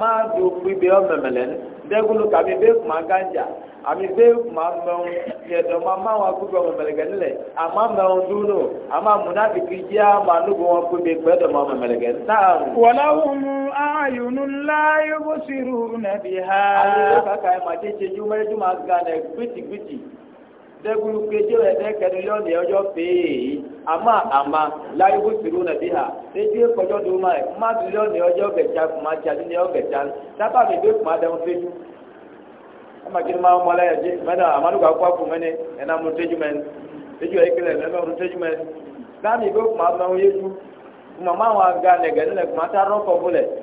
máa do kpui bɛ ɔmɛmɛlɛ nu dɛgulu kami bɛ kuma ganja ami bɛ kuma mɛwu yɛdɔ ma ma wa kpui bɛ ɔmɛmɛlɛ gɛ nu lɛ ama mɛwu dunu ama munafiki jia ma nugu wa kpui bɛ gbɛdɔ ma ɔmɛmɛlɛ gɛ nu taa. wɔlawumu ayunu laayu bosiru nabi ha. dẹ́gbùrú péjé rẹ̀ dẹ́kẹ̀rẹ́ lọ́nà ọjọ́ péye yìí àmà àmà láyé bó ti rún nàbí hà létí kọjọ́ tó máa ẹ̀ má ti lọ́nà ọjọ́ gẹ̀ẹ́tsá kò máa tsa nínú ọjọ́ gẹ̀ẹ́tsá ama máa mọ aláyà jẹ mẹ́ta amadu kò àpò mẹ́ni ẹ̀nà mu mẹ́ni tẹ́jú ẹ̀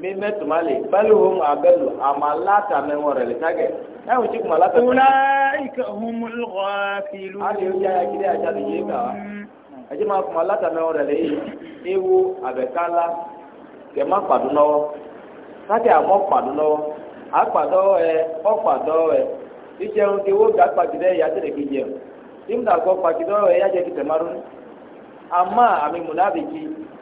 mi mẹtuma le balùwòm abẹlù amalata mẹwọn rẹ lẹsàgẹ ẹwọn tí kuma lata. wúlá ike humul ghafilu. ali o jaya kiri aja le yé ka wa ẹjẹ ma kuma lata mẹwọn rẹ lẹ yìí ewu abẹkala kẹmà kpadu nọwọ sákẹ àmọ kpadu nọwọ akpadọ ẹ ọkpadọ ẹ ìjẹun ti wo gà kpaki dẹ yàtẹ lè fi jẹun ìmùdàgbọ kpaki dọ ẹ yàtẹ fi tẹmarun àmà àmì múnàbìkì.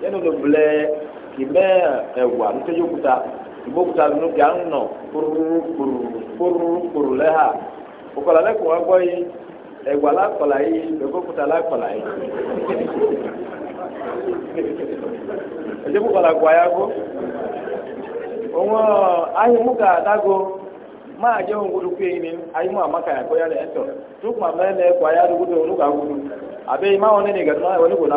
yẹnu ló blɛ kìmɛ ɛwà ní kuta ìbò kuta kí e e e a ń nọ kúrúrú kúrú kúrú òkòlà lẹ kò wá yìí yìí kpala yìí kò ahimu ka kó tó kùmà òun ló wọn ní wọn ní na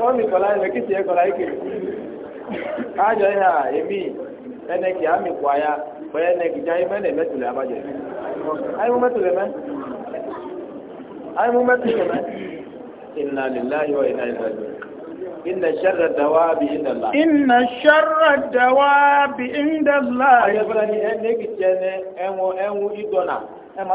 wọn ní kọlá yìí lẹkìtì ya kọlá yìí kiri kájọ yìí èmi ẹnẹkì àmì ya bẹẹ ẹnẹkì jẹ ayé mẹlẹ mẹtulẹ abajẹ ayé mú mẹtulẹ mẹ ayé mú mẹtulẹ mẹ ìnà lílá yọ ìnà ìlà yọ. إن الشر الدواب عند الله إن الشر الدواب عند الله أيها الأخوة أنك تجنى أمو أمو إدونا أما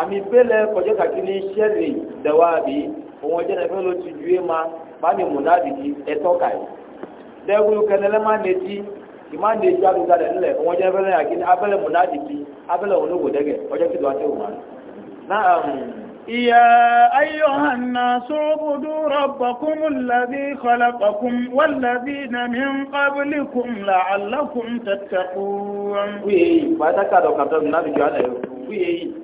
ami bele kɔjɔ kakili sɛri dawaabi òun ɔjɛ nɛfɛ lɛ otudue ma fani munabiki ɛtɔ kayi dɛwulu kɛnɛlɛ ma neti ima neti aluga lɛ nlɛ òun ɔjɛ nɛfɛ lɛ akini abɛlɛ munabiki abɛlɛ òun n'ogo dɛgɛ ɔjɛ kidu ati òun ma na ɛm. يا أيها الناس اعبدوا ربكم الذي خلقكم والذين من قبلكم لعلكم تتقون. ويه بعد كذا كذا نبي جاله ويه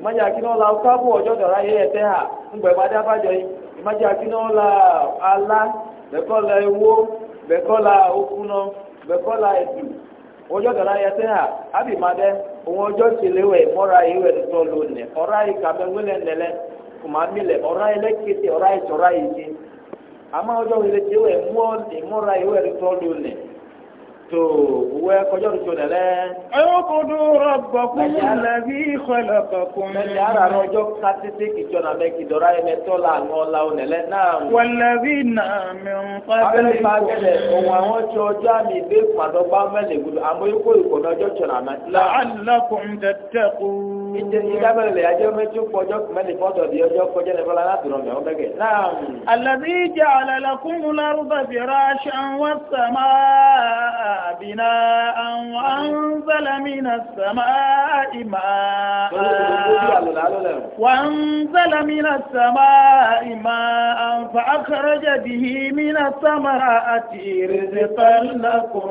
ìmájẹ akínọ́lá kábò ọjọ́ dọ̀rọ̀ ayé ha mgbe ńgbẹ̀gbà dábàjọ yìí ìmájẹ akínọ́lá alá bẹ̀kọ́lá ewó bẹ̀kọ́lá okúná bẹ̀kọ́lá ẹ̀dù ọjọ́ dọ̀rọ̀ ayé ẹ̀tẹ́ hà ábìmadẹ́ òun ọjọ́ tìlẹ́wẹ̀ mọ́ra ìwẹ̀ tó lò nẹ̀ ọ̀rá yìí tó owó ẹkọjọ́ tó jọlẹ̀ lẹ́. ẹ ó kó dún rọ̀bọ̀ fún lẹ́bí ìkọlẹ̀ kọ̀ọ̀kan. lẹ́yìn ara rẹ̀ ọjọ́ ká títí kìjọ náà mẹ́kì dọ́ra ẹ̀ mẹ́tọ́ là ń la ọ̀nà lẹ́ náà. wọlẹ́bí náà mi ń pàdé ìkọ̀. abẹ́lẹ̀ ohun àwọn tí ọjọ́ àmì ìbéèkù àdọ́gbá mẹ́lẹ̀ gbọdọ̀ àmọ́ ikú ìkọ̀nà ọjọ́ tẹ̀ ìdámẹ́rin lè ajọ́ méjì pọ̀jọ́ mẹ́lẹ̀ pọ́tọ̀ di ọjọ́ pọ́jọ́ ní fọlá láti rọ̀ mẹ́wọ́n bẹ́gẹ̀. Àlàbí ìjà àlàlà kún un lárúbà bí ráṣà ń wá sàmà àbínà àwọn àǹzálàmínà sàmà ìmà. وأنزلمنا السماء ماء فأخرج به من الثمرات رزقا لكم.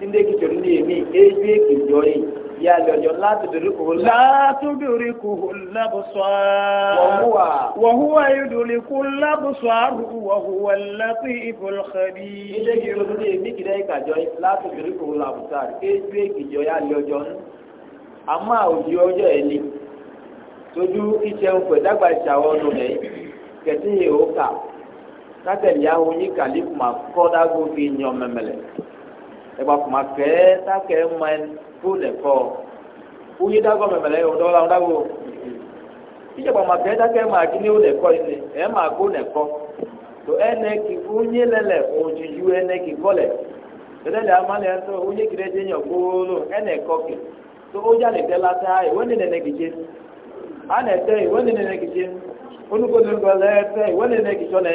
tinde kìtò ní èmi éjì kìjọ yìí yà lọ́jọ́ láti dorí kò la. láti dorí kò labùsọ̀. wọ̀húwà. wọ̀húwà yìí dorí kò labùsọ̀ àrùkù wọ̀húwà láti ìfọ̀lù xabi. ilé kìjọ ní èmi kìdá ìkàjọ yìí láti dorí kò labùsọ̀ éjì kìjọ yà lọ́jọ́ ní. àmọ́ òjì ọjọ́ ẹ̀ ni tójú ìṣẹ̀hún pẹ̀dágbà ìṣàwọ̀ ọ̀nù rẹ̀ kẹ̀síyè ɛgba kuma kɛɛ ta ma ɛn fo lɛ kɔ uyi da gɔmɛ mɛ lɛ o dɔ la o da go kɛɛ ta o kɔ yi ɛ e e ki lɛ lɛ ɛnɛ ki kɔ lɛ tɛlɛ lɛ ama lɛ ki lɛ e ke to o dza la ne nɛnɛ ki tse tɛ ne nɛnɛ ki tse lɛ tɛ ne nɛnɛ ki tsɔ lɛ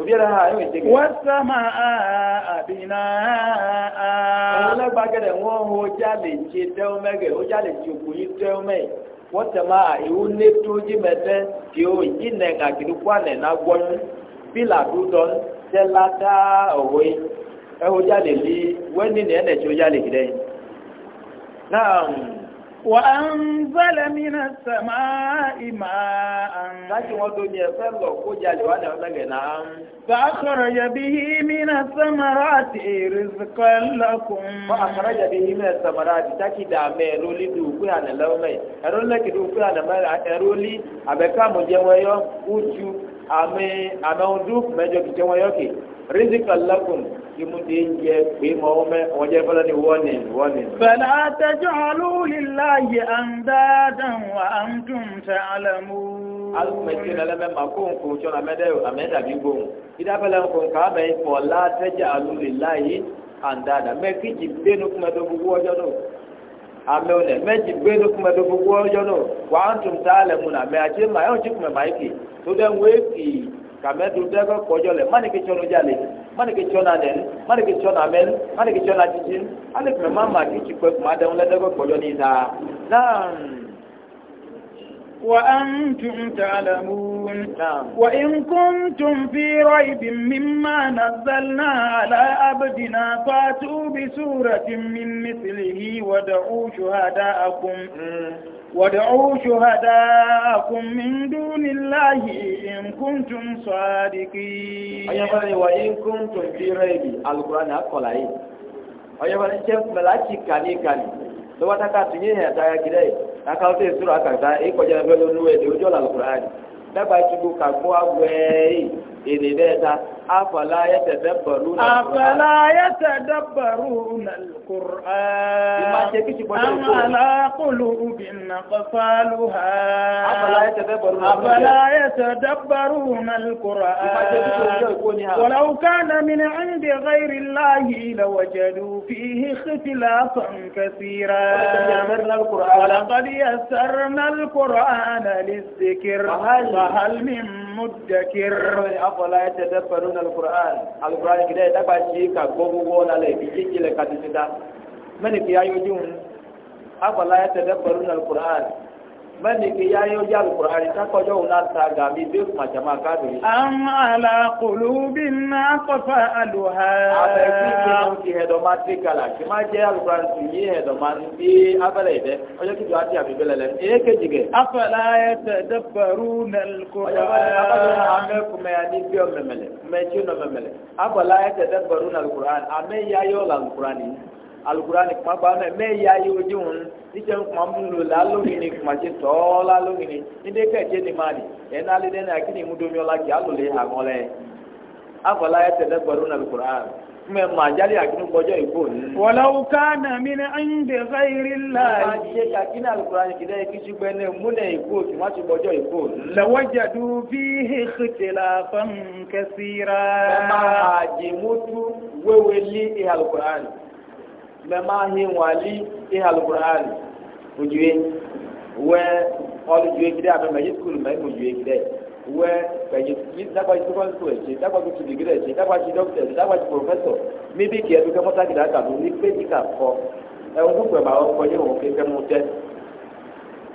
والسماء بناء ọlọ́gbàgẹ́dẹ̀ wọ́n hó jálè jẹ tẹ́wọ́mẹ́gẹ̀ ó jálè jẹ òkú yí tẹ́wọ́mẹ́ wọ́n tẹ̀ máa ìwú lé tó jí mẹ́tẹ́ tí yí وأنزل من السماء ماء فأخرج به من الثمرات رزقا لكم فأخرج به من الثمرات تاكي دامي رولي دوكي أنا لومي أرولي دوكي أنا مالي أرولي أبكا مجموية وجو أمي أمي ودوك مجو كتموية rizika lakun imude jẹ pé mọ ọmọ wọn jẹ fọlá ní wọnì wọnì. bẹ̀rẹ̀ àtẹ̀jọ́ olúlìláyè àǹdáàdàn wà á ń dùn tẹ àlẹ́mú. alùpùpù lẹ́lẹ́mẹ́ máa kó nǹkan ojú ọ̀nà mẹ́dẹ́ àmẹ́dàbí gbòòrùn ìdábẹ́lẹ́ nǹkan káàbẹ̀ ìfọ̀ látẹ̀jọ́ olúlìláyè àǹdáàdàn mẹ́kìjì gbénu fún ẹ̀dọ́ gbogbo ọjọ́ náà ame wòle mɛdzi gbe ɖo kume ɖo gbogbo ɔyɔ no wòa ŋutum ta le mu na mɛ atsi ma yɔ ŋutsi kume ma yi ke to ɖe ŋu eki kamedu dɛgɛ kɔjɔ lɛ mani ketsɔ nu dza lɛ mani ketsɔ na nɛn mani ketsɔ na mɛn mani ketsɔ na tsitsi ale tun bɛ ma ma kitsi kpɛ kuma dɛŋ lɛ dɛgɛ kɔjɔ ni ta naam. وأنتم تعلمون وإن كنتم في ريب مما نزلنا على عبدنا فاتوا بسورة من مثله ودعوا شهداءكم وادعوا شهداءكم من دون الله إن كنتم صادقين أيها وإن كنتم في ريب القرآن أقول أي أيها الشيخ ملاكي كاني كاني lọ́wọ́ taka tún yé hẹ́ta ya gidẹ́ yìí taka ó tẹ̀ sọ̀rọ̀ akàtà èyí kọjá ẹgbẹ́ lónú ẹ̀ lójú ọ̀la lọ́kùnrin dábàá tí kò kà gbọ́ أفلا يتدبرون أفلا يتدبرون القرآن أم على قلوب أقفالها أفلا يتدبرون أفلا يتدبرون القرآن ولو كان من عند غير الله لوجدوا فيه اختلافا كثيرا ولقد يسرنا القرآن للذكر فهل من مدكر أفلا يتدبرون alukur'an alukur'an kìdá yìí dàgbà sí ka gbọ́ gbogbo ọ̀la lẹ̀ kí jíjí lẹ̀ ka tètè da mẹ́ni kì í ayójú ń abala yẹ tẹ̀lé pẹ̀lú alukur'an mẹ́ni kì yá yóò jẹ́ àlùkùrọ̀ àríkà kọjọ́ òun láti ta gàmí bí òkùn àjàmà káàdùn yìí. àwọn alákòlù bí náà kọfà àlùhà. abẹ́kí kí ló ń fi ẹ̀dọ̀ máa ti kàlà kí máa jẹ́ àlùkùrọ̀ àríkà yìí ẹ̀dọ̀ máa ń bí abẹ́lẹ̀ ìdẹ́ ọjọ́ kí wàá ti àbí èyí kejì gẹ̀. afẹ́lá ẹsẹ̀ dẹ́pẹ̀rú nàlùkùrọ̀ alukurani kuma gba mɛ mɛ ya yi o diwọn nitsɛ kuma mu la lóni ni kuma tse tɔɔ la lóni ni ni de kɛ tse ni ma di ɛna ali dɛ na kini mu domi ɔla kì alu le hã ŋɔlɛ afɔla yɛ tɛ dɛ na alukurani mɛ ma jali akini gbɔdzɔ igbo ni. wɔlɔwù kánà mi ni an de xeyiri la. ma se ka kini alukurani kiri ye kisi gbɛ ne mu ne igbo tuma ti gbɔdzɔ igbo. lawajadu fihi xitila fan kɛsira. mɛ ma a di mutu weweli alukurani mɛ maa hi wali ihe alukuraan ojue wɛ ɔlujue gidɛ abɛ mɛ yi sukulu mɛ ojue gidɛ wɛ mɛ yi dakpati sɛkɔndi sukulu ɛtsi dakpati tubi gidɛ ɛtsi dakpati dɔkita ɛtsi dakpati profɛsɔ mi bi kɛ ɛdu kɛmɔta gidɛ akadu ni pe di ka kɔ ɛwọn kó pɛmɛ awɔ kɔnyi wọn ké kɛmɔ tɛ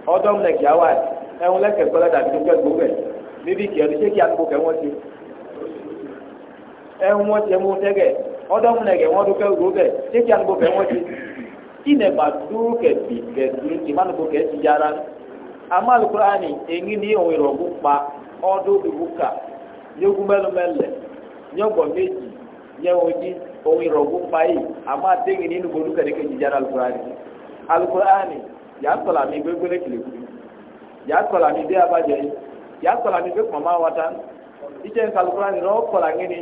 ɔdɔm lɛ kia wa ɛwọn lɛ kɛkɔ lɛ dabi kɛ gbó bɛ mi bi kɛ ɛdu tse kia kó kɛmɔ ti ɛwọn ọdọ mu nẹgẹ wọn dúkẹ ro bẹ tẹkí anugbo bẹ wọn ti tí nẹba dúró kẹbi kẹbi tí manugbo kẹsi yára àmọ alukurani èyí ni òun ìrọ̀gùn pa ọdọ ìwú ká nyogun mẹlẹmẹlẹ nyọgbọ méjì nyẹwọn jí òun ìrọ̀gùn pa yìí àmọ àtẹ̀yìn nínú gbòdú kẹ̀dẹ̀ kẹsi yára alukurani alukurani yàá sọ̀rọ̀ àmì gbégbélé kìlẹ̀kù yàá sọ̀rọ̀ àmì bí abajẹ́ yàá sọ̀rọ̀ àmì bí kọ̀ọ̀má wa tán ìjẹ́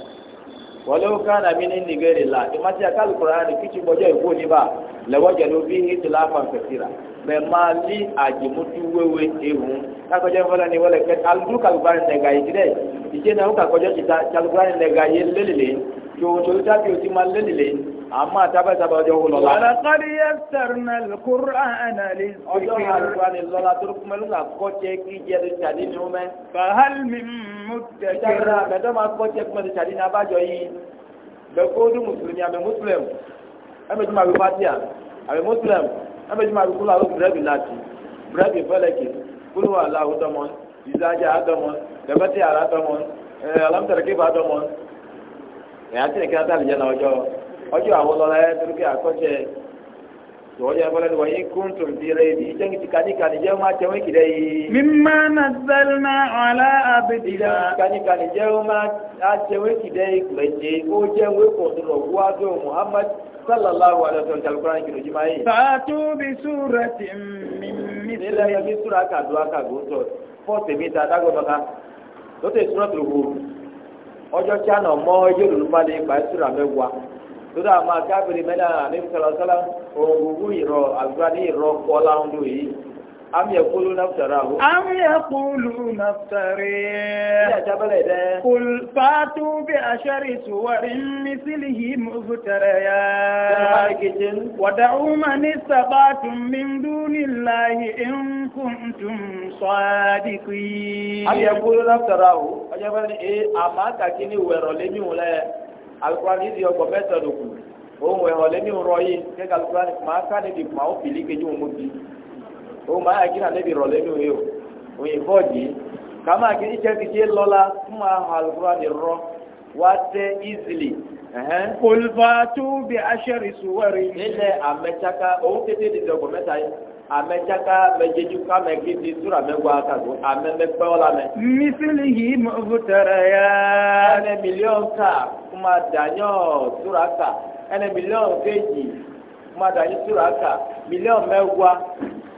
wọlé ó ká nàmí ní nìgẹrẹ là ìmọ̀tí akálùkùrọ̀ àná kìtì ìkó ní lẹwọjẹlu bi itila fanfẹsira mẹ maa li adimutu wewe ehu kakɔjɛ fɔlɔ ni wọlé kɛ alu kalubari nɛga yi ti dɛ ìdíje náà ó kakɔjɛ ti ta kalubari nɛga yi lélele tòwòtòwò ti ma lélele àmọ́ àtàbà sábà ọjọ́ wò lọ́la. Wàlàkàrí yẹ́sẹ̀rìnà Kùránà lè ṣe. Ọjọ́ àlùfáà lọ́la tó kún mẹ́lú náà kọ́jẹ́ kí jẹ́rì tàdí ni ó mẹ́. Fàhálmi mú tẹ̀síra. Ìjọba àgbẹ̀dọ́ máa kọ́jẹ́ kí mẹ́lú ɛmɛdzi ma bi fatia abe muslim ɛmɛdzi ma bi kulu alo brɛbi lati brɛbi fɛlɛki kulu ala adɔmɔn izaja adɔmɔn dɛbɛti ala adɔmɔn ɛɛ alamutɛrɛkiba adɔmɔn ɛyà tí nìkan tá a lè jẹ náà ọjọ ọjọ àwọn lọlá yẹ tó kí akọjẹ tòwọjọ ẹgbẹ lẹnu wọnyí kún tó ti rẹ ibi ìjẹun ti kaníkaní jẹun máa tẹwọn mímá na sẹ́lẹ̀mà ọ̀la àbẹ̀dì la. ìjẹun kaníkaní jẹun máa tẹwọn ìkìlẹ yìí kùlẹ̀ jẹ kó jẹun wẹ́pọ̀ tó lọ wá muhammad sallallahu alaihi wasallam alquran kiro jima'i fatu bi suratin min mithlihi ya bi sura ka aka go to fo se mi ta dago baka to te ojo cha na mo je lu pa le pa sura mewa to da ma ka bi mena ni sallallahu alaihi wasallam o gugu iro alquran iro ko la ndu yi am yaquluna iftarahu am yaquluna iftari qul fatu bi ashari suwarin mithlihi muftariyat wad'u man istabatum min dunillahi in kuntum sadiqin am yaquluna iftarahu ajabale e eh, amaka kini wero lemi wala alqur'ani oh, di ogo metodo ku ohun ẹ̀họ̀ lẹ́ni ọ̀rọ̀ yìí kẹ́kẹ́ alukura ni màá ká níbi màá ó o máa yà kí nàlẹ́ bi rọ̀lẹ́ ní oyè o oyè fọ́ọ̀dì kàmá iche iṣẹ́ ti ṣe lọ́la fún wa alukura ni rọ wa tẹ easily. olùfàtú bí aṣẹ́rì sùwárì. nílẹ̀ àmẹ́tsaka owó kété di dọ̀gbọ̀ mẹ́ta yìí ametsaka medzedu kame di sura mɛgba kago ame mɛgbɛ wɔ la mɛ. misili hi mɔvu ya. Ene miliyɔn ka kuma danyɔ sura ka ɛnɛ miliyɔn keji kuma danyɔ sura aka. miliyɔn megwa.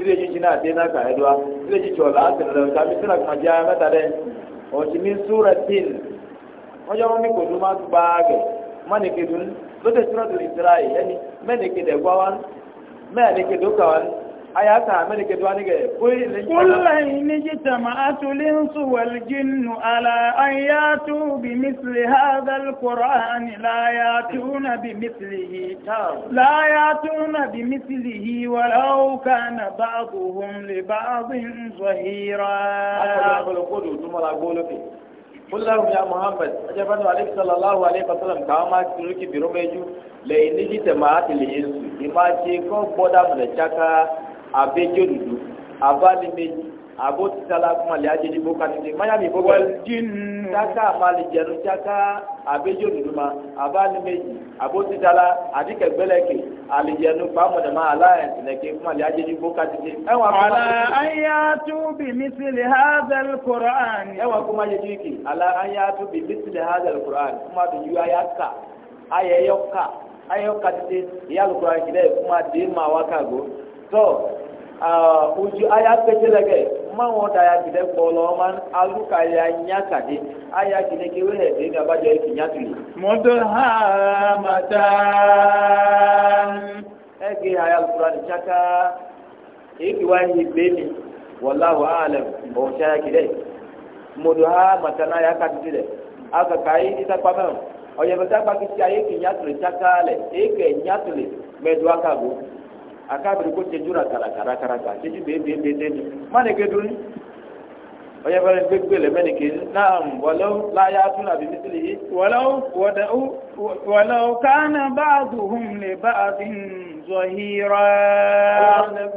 ile tsitsi na de na kae doa ile tsitsi ɔla asene le ta mi sena kuma dza mɛta dɛ ɔtsi mi sura tin ɔdza ma mi ko do ma gbaagɛ ma ne ke dun lɔtɛ sura do ni sira yi ɛni mɛ ne ke dɛ gba ayata amalike duwani ga kullain ijtama'at al-insu wal jinnu ala an yatu bi mithli hadha al-qur'an la yatuna bi mithlihi la yatuna bi mithlihi walau kana ba'dhuhum li ba'dhin zahira kullum ya muhammad ajaban wa alaihi sallallahu alaihi wasallam ka ma kiruki birumeju le iniji tamaatil insu imaji ko boda mu da chaka abejo dudu abali meji abo tisala kumali ajeli bo mayami bo taka mali taka abejo ma abali meji abo tisala adike gbeleke alijẹnu pamọdé máa aláyẹsì lẹkẹ fún àlẹ bi misili hazel quran. ẹwà kó máa jẹjú ike àlà ayatu bi misili hazel quran fún àdùn yú ayá ká ayẹyọ ká ayẹyọ ká títí ìyá alukura kìlẹ̀ fún àdé máa wá ká go. tọ́ uju ah, aya petelege mmanwụ daya gide kpọrọ ọma alụ ka ya nya ka dị aya gide ka ewe hebe ga abaja esi nya tuli mọdụ ha mata ege aya alkurani chaka ikiwa ihe bemi wallahu alam bọ̀wọ̀ ṣe aya gide mọdụ ha mata na aya ka dị aka ka anyị ịta kpamẹ ọyẹ mẹta kpakisi ayé kì nya tuli chaka lẹ eke nya tuli mẹdu aka gbogbo akabiri ko tsedzura karakara karakara tsedzi bebebebe ni mane ke duni oye fana gbegbe le mene ke naam walawo laya tun abi misiri yi. walawo wadawu walawo kana baadu hum le baadin zɔhira.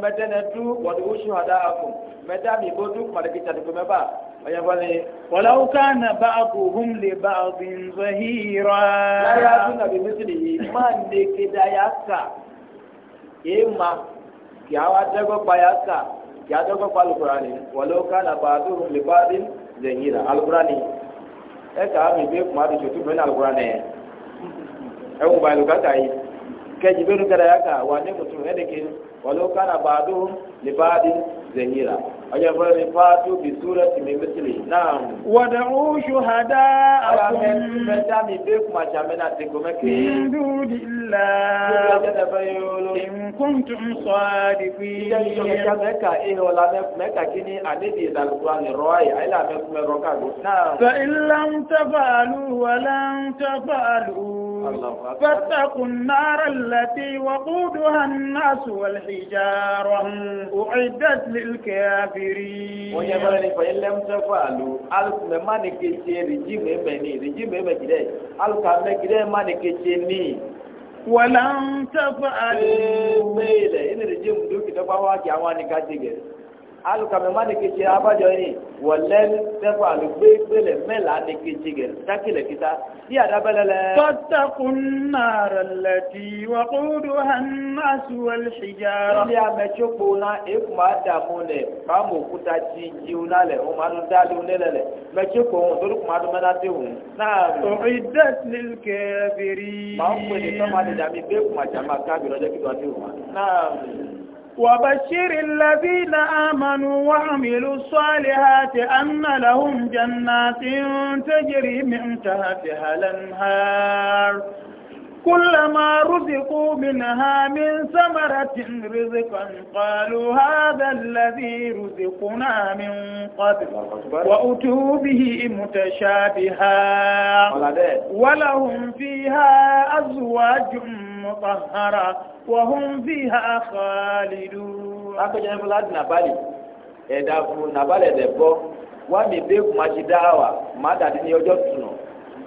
mɛtɛnɛ tu wadawu suhada akun mɛtɛ mi bo tu kumadi bi tati kɔmɛ ba oye fana. walawo kana baadu hum le baadin zɔhira. laya tun abi misiri yi maa ne ke da ya kìí ma kìí àwa dẹ́gbọ́gba yà kà kìí àdẹ́gbọ́gba alukurani wọlé ká nà bàa dùn lè bá dín lẹ́yìn rà alukurani ẹ kà á mi bí kuma di tòtú fún mi alukurani yẹ ẹ wù bá ìlúkà kà yìí kẹjì bẹ́ẹ̀ nìkan yà kà wà ní mutum ẹ̀ nìkan wọlé ká nà bàa dùn lè bá rà. Ọjọ́ ìfọ̀rọ̀ mi fa bi súrẹ́ tì mí mísìlì náà. Wọ̀dà ó ṣùhàdá àkùnrin. Ọlọ́run mi fẹ́ dá mi bí kùmàṣà mi náà ti gòmẹ́kì. Ndúdì الله إن كنتم صادقين فإن لم تفعلوا ولن تفعلوا فاتقوا النار التي وقودها الناس والحجارة أعدت للكافرين فإن لم تفعلوا ألف ممانك الشيء رجيم إمني رجيم إمني ألف ممانك الشيء walam tafa alu. ee gbẹ́yìí lẹ̀ yìí lè jẹ́ òun lókè tó bá wá kí àwọn anìkan ti gẹ̀ẹ́ alukame ma neketse abadzɔ yi wɔlɛ tɛfɔ alu gbegbe le mɛla neketse gɛ taki le kita ti adaba lɛ lɛ. tɔtakun naara lati wakudu hanasu walhijara. ilé ametsokpo na ekuma adamu lɛ kpamu okuta ti dziwu na lɛ o ma nu daliwu ne lɛ lɛ metsokpo ŋu tori kuma do mɛna te wu. naam. tori dɛsili kɛfiri. maa n kpele tɔmɔ adidami bɛ kuma caman وبشر الذين آمنوا وعملوا الصالحات أن لهم جنات تجري من تحتها الأنهار كلما رزقوا منها من ثمرة رزقا قالوا هذا الذي رزقنا من قبل وأتوا به متشابها ولهم فيها أزواج mutahhara wa hum fiha khalidun akoja ni fulani na bali edafu na bali edebo wa mi be kuma ti dawa ma dadi ni ojo tuno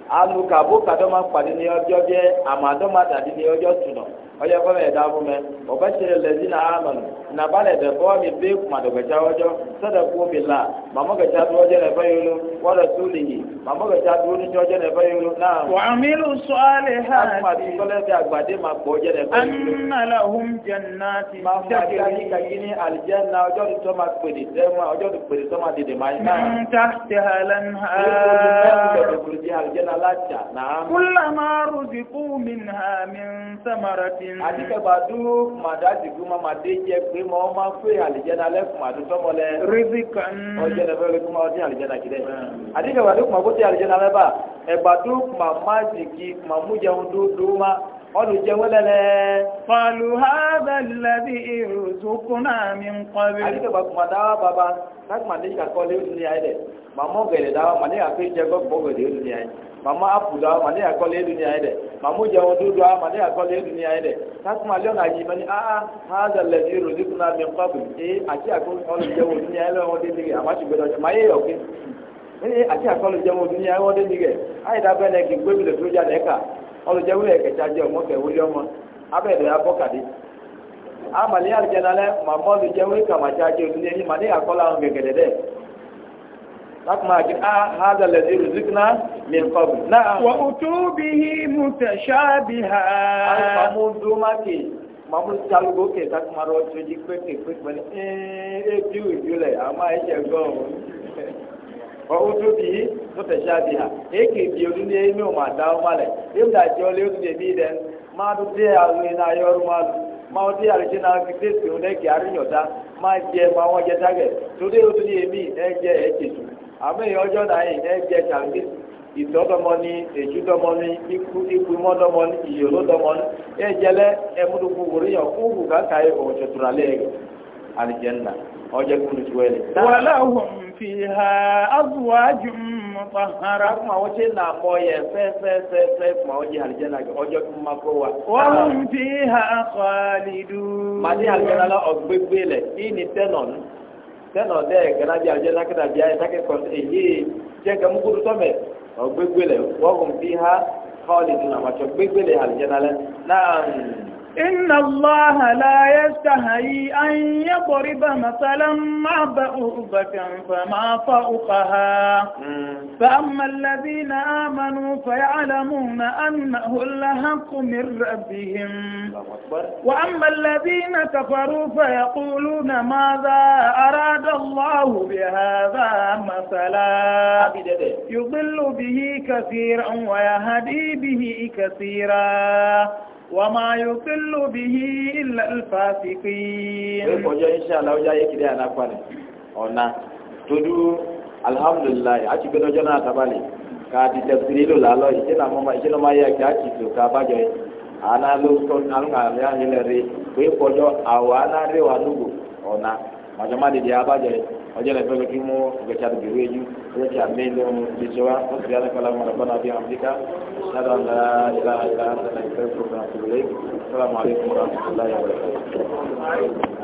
aluka bo kadɔ ma kpadi ni ɔjɔ jɛ amadɔ ma dadi ni ɔjɔ tunɔ ɔjɔ kɔmɛ ɛdafu mɛ ɔbɛ sere lɛzi na amanu na bale da bawa mi be kuma da gaja wajo sada ko billa mama ga ta waje na bayulu wa rasulihi mama ga ta duni waje na bayulu na wa amilu salihat ma bi sole da agbade ma bo je na bayulu anna lahum jannati ma ma ga ni ka gini aljanna ojo to ma pedi te ma ojo to pedi to ma de de ma na tahtiha lanha aljanna lacha na kullama ruziqu minha min samaratin adika badu ma da diguma ma de je kí mọ ọmọ pé àlìjẹnà lẹkùn àdúgbò lẹ. rizika ń. ọjọ lẹfẹ rẹ kúmọ ọdún àlìjẹnà kìdẹ. àdìgbà wà ní kùmà kó tẹ àlìjẹnà lẹ bá ẹgbà tó kùmà má jìkì kùmà mú jẹun dúdú má ọdún jẹun lẹlẹ. fàlù hábà lẹbi ìrùsùkúnà mi ń kọbi. àdìgbà kùmà dáwà bàbá sákùmà níjà kọ́lé ó mama apuda mani akɔle eduni ayi dɛ mamu jɛun dudu a mani akɔle eduni ayi dɛ takuma lɛ ɔna yi mani aa ha da lɛbi rodi kuna mi kɔbi ee ati akɔle ɔlu jɛun duni ayi lɛ ɔdi nigi ama ti gbɛdɔ ma ye yɔki ee ati akɔle jɛun duni ayi ɔdi nigi ayi da bɛ nɛ ki gbebi le soja nɛ ka ɔlu jɛun yɛ kɛtɛ adi ɔmɔ kɛ wuli ɔmɔ abɛ dɛ abɔ kadi amali alijana lɛ mamɔlu jɛun kama ti adi oduni ayi mani akɔle ahun gɛgɛdɛ láti máa jẹ́ àádà lẹ́dí rìzíkínà mìírànkọ́bù náà wọ́n tó bí i mú tẹ̀ṣáàbì ha àìsàmú dómákì mọ̀mú talugókè láti máa rọ tó ní ẹ́ẹ́ bí ìjúlẹ̀ àmọ́ ẹ̀ṣẹ̀ gan-an wọ́n tó bí i mú tẹ̀ṣáàbì ha èkè bí ojú ní inú ọmọ àdá ọmọ rẹ̀ nígbà tí ọlẹ́ ojú lè bí máa tó dé àwọn iná ayọ́rú máa lù máa ó dé àrùjẹ́ náà fi dé sí òun máa jẹ máa wọ́n jẹ dágẹ̀ torí tún ní èmi àmì ọjọ náà yìí náà jẹ jàǹdí ìtọ́dọ́mọ́ni èjúdọ́mọ́ni ikú ikú mọ́dọ́mọ́ni ìyòlódọ́mọ́ni ẹ jẹlẹ ẹmúdùkú wòríyàn kú wù káka yìí ọ̀hún tuntun alẹ́ alìjẹ́nà ọjọ́ kúndùn tí fi ha azuwájú mọ̀tàhárà. kọ́mọ̀ yẹ ọjọ́ wa. ha màdí lẹ̀ ni tẹ́nà ọ̀dẹ́ gẹ́lábí àjẹ́ lákẹ́dàbí ayé tákẹ́kọ̀ọ́ èyí jẹ́ kẹ́ múkúrú tọ́mẹ̀ ọ̀gbégbélẹ̀ wọ́n fi ha kọ́ọ̀lì dùn àmàtsọ̀ gbégbélẹ̀ àlùjẹ́ nalẹ́ náà. إن الله لا يستحي أن يضرب مثلا ما بعوضة فما فوقها فأما الذين آمنوا فيعلمون أنه الحق من ربهم وأما الذين كفروا فيقولون ماذا أراد الله بهذا مثلا يضل به كثيرا ويهدي به كثيرا وما يضل به إلا الفاسقين وجه إن شاء الله وجاي كده أنا قال أنا تدو الحمد لله أتي بنو جنا تبالي كاتي تفسير لا لا إشنا ماما إشنا ما يك أتي تو كاباجي أنا لوستون أنا يا هيلري كي كوجو أوانا ري وانوغو أنا ما جماعة دي أباجي وجه لفكر كيمو وكشاد بيوجي yake amin don bijewa ko ziyara kalamu rabbana bi hamdika shada la ilaha illa anta nastaghfiruka wa natubu ilayk assalamu alaikum wa rahmatullahi wa barakatuh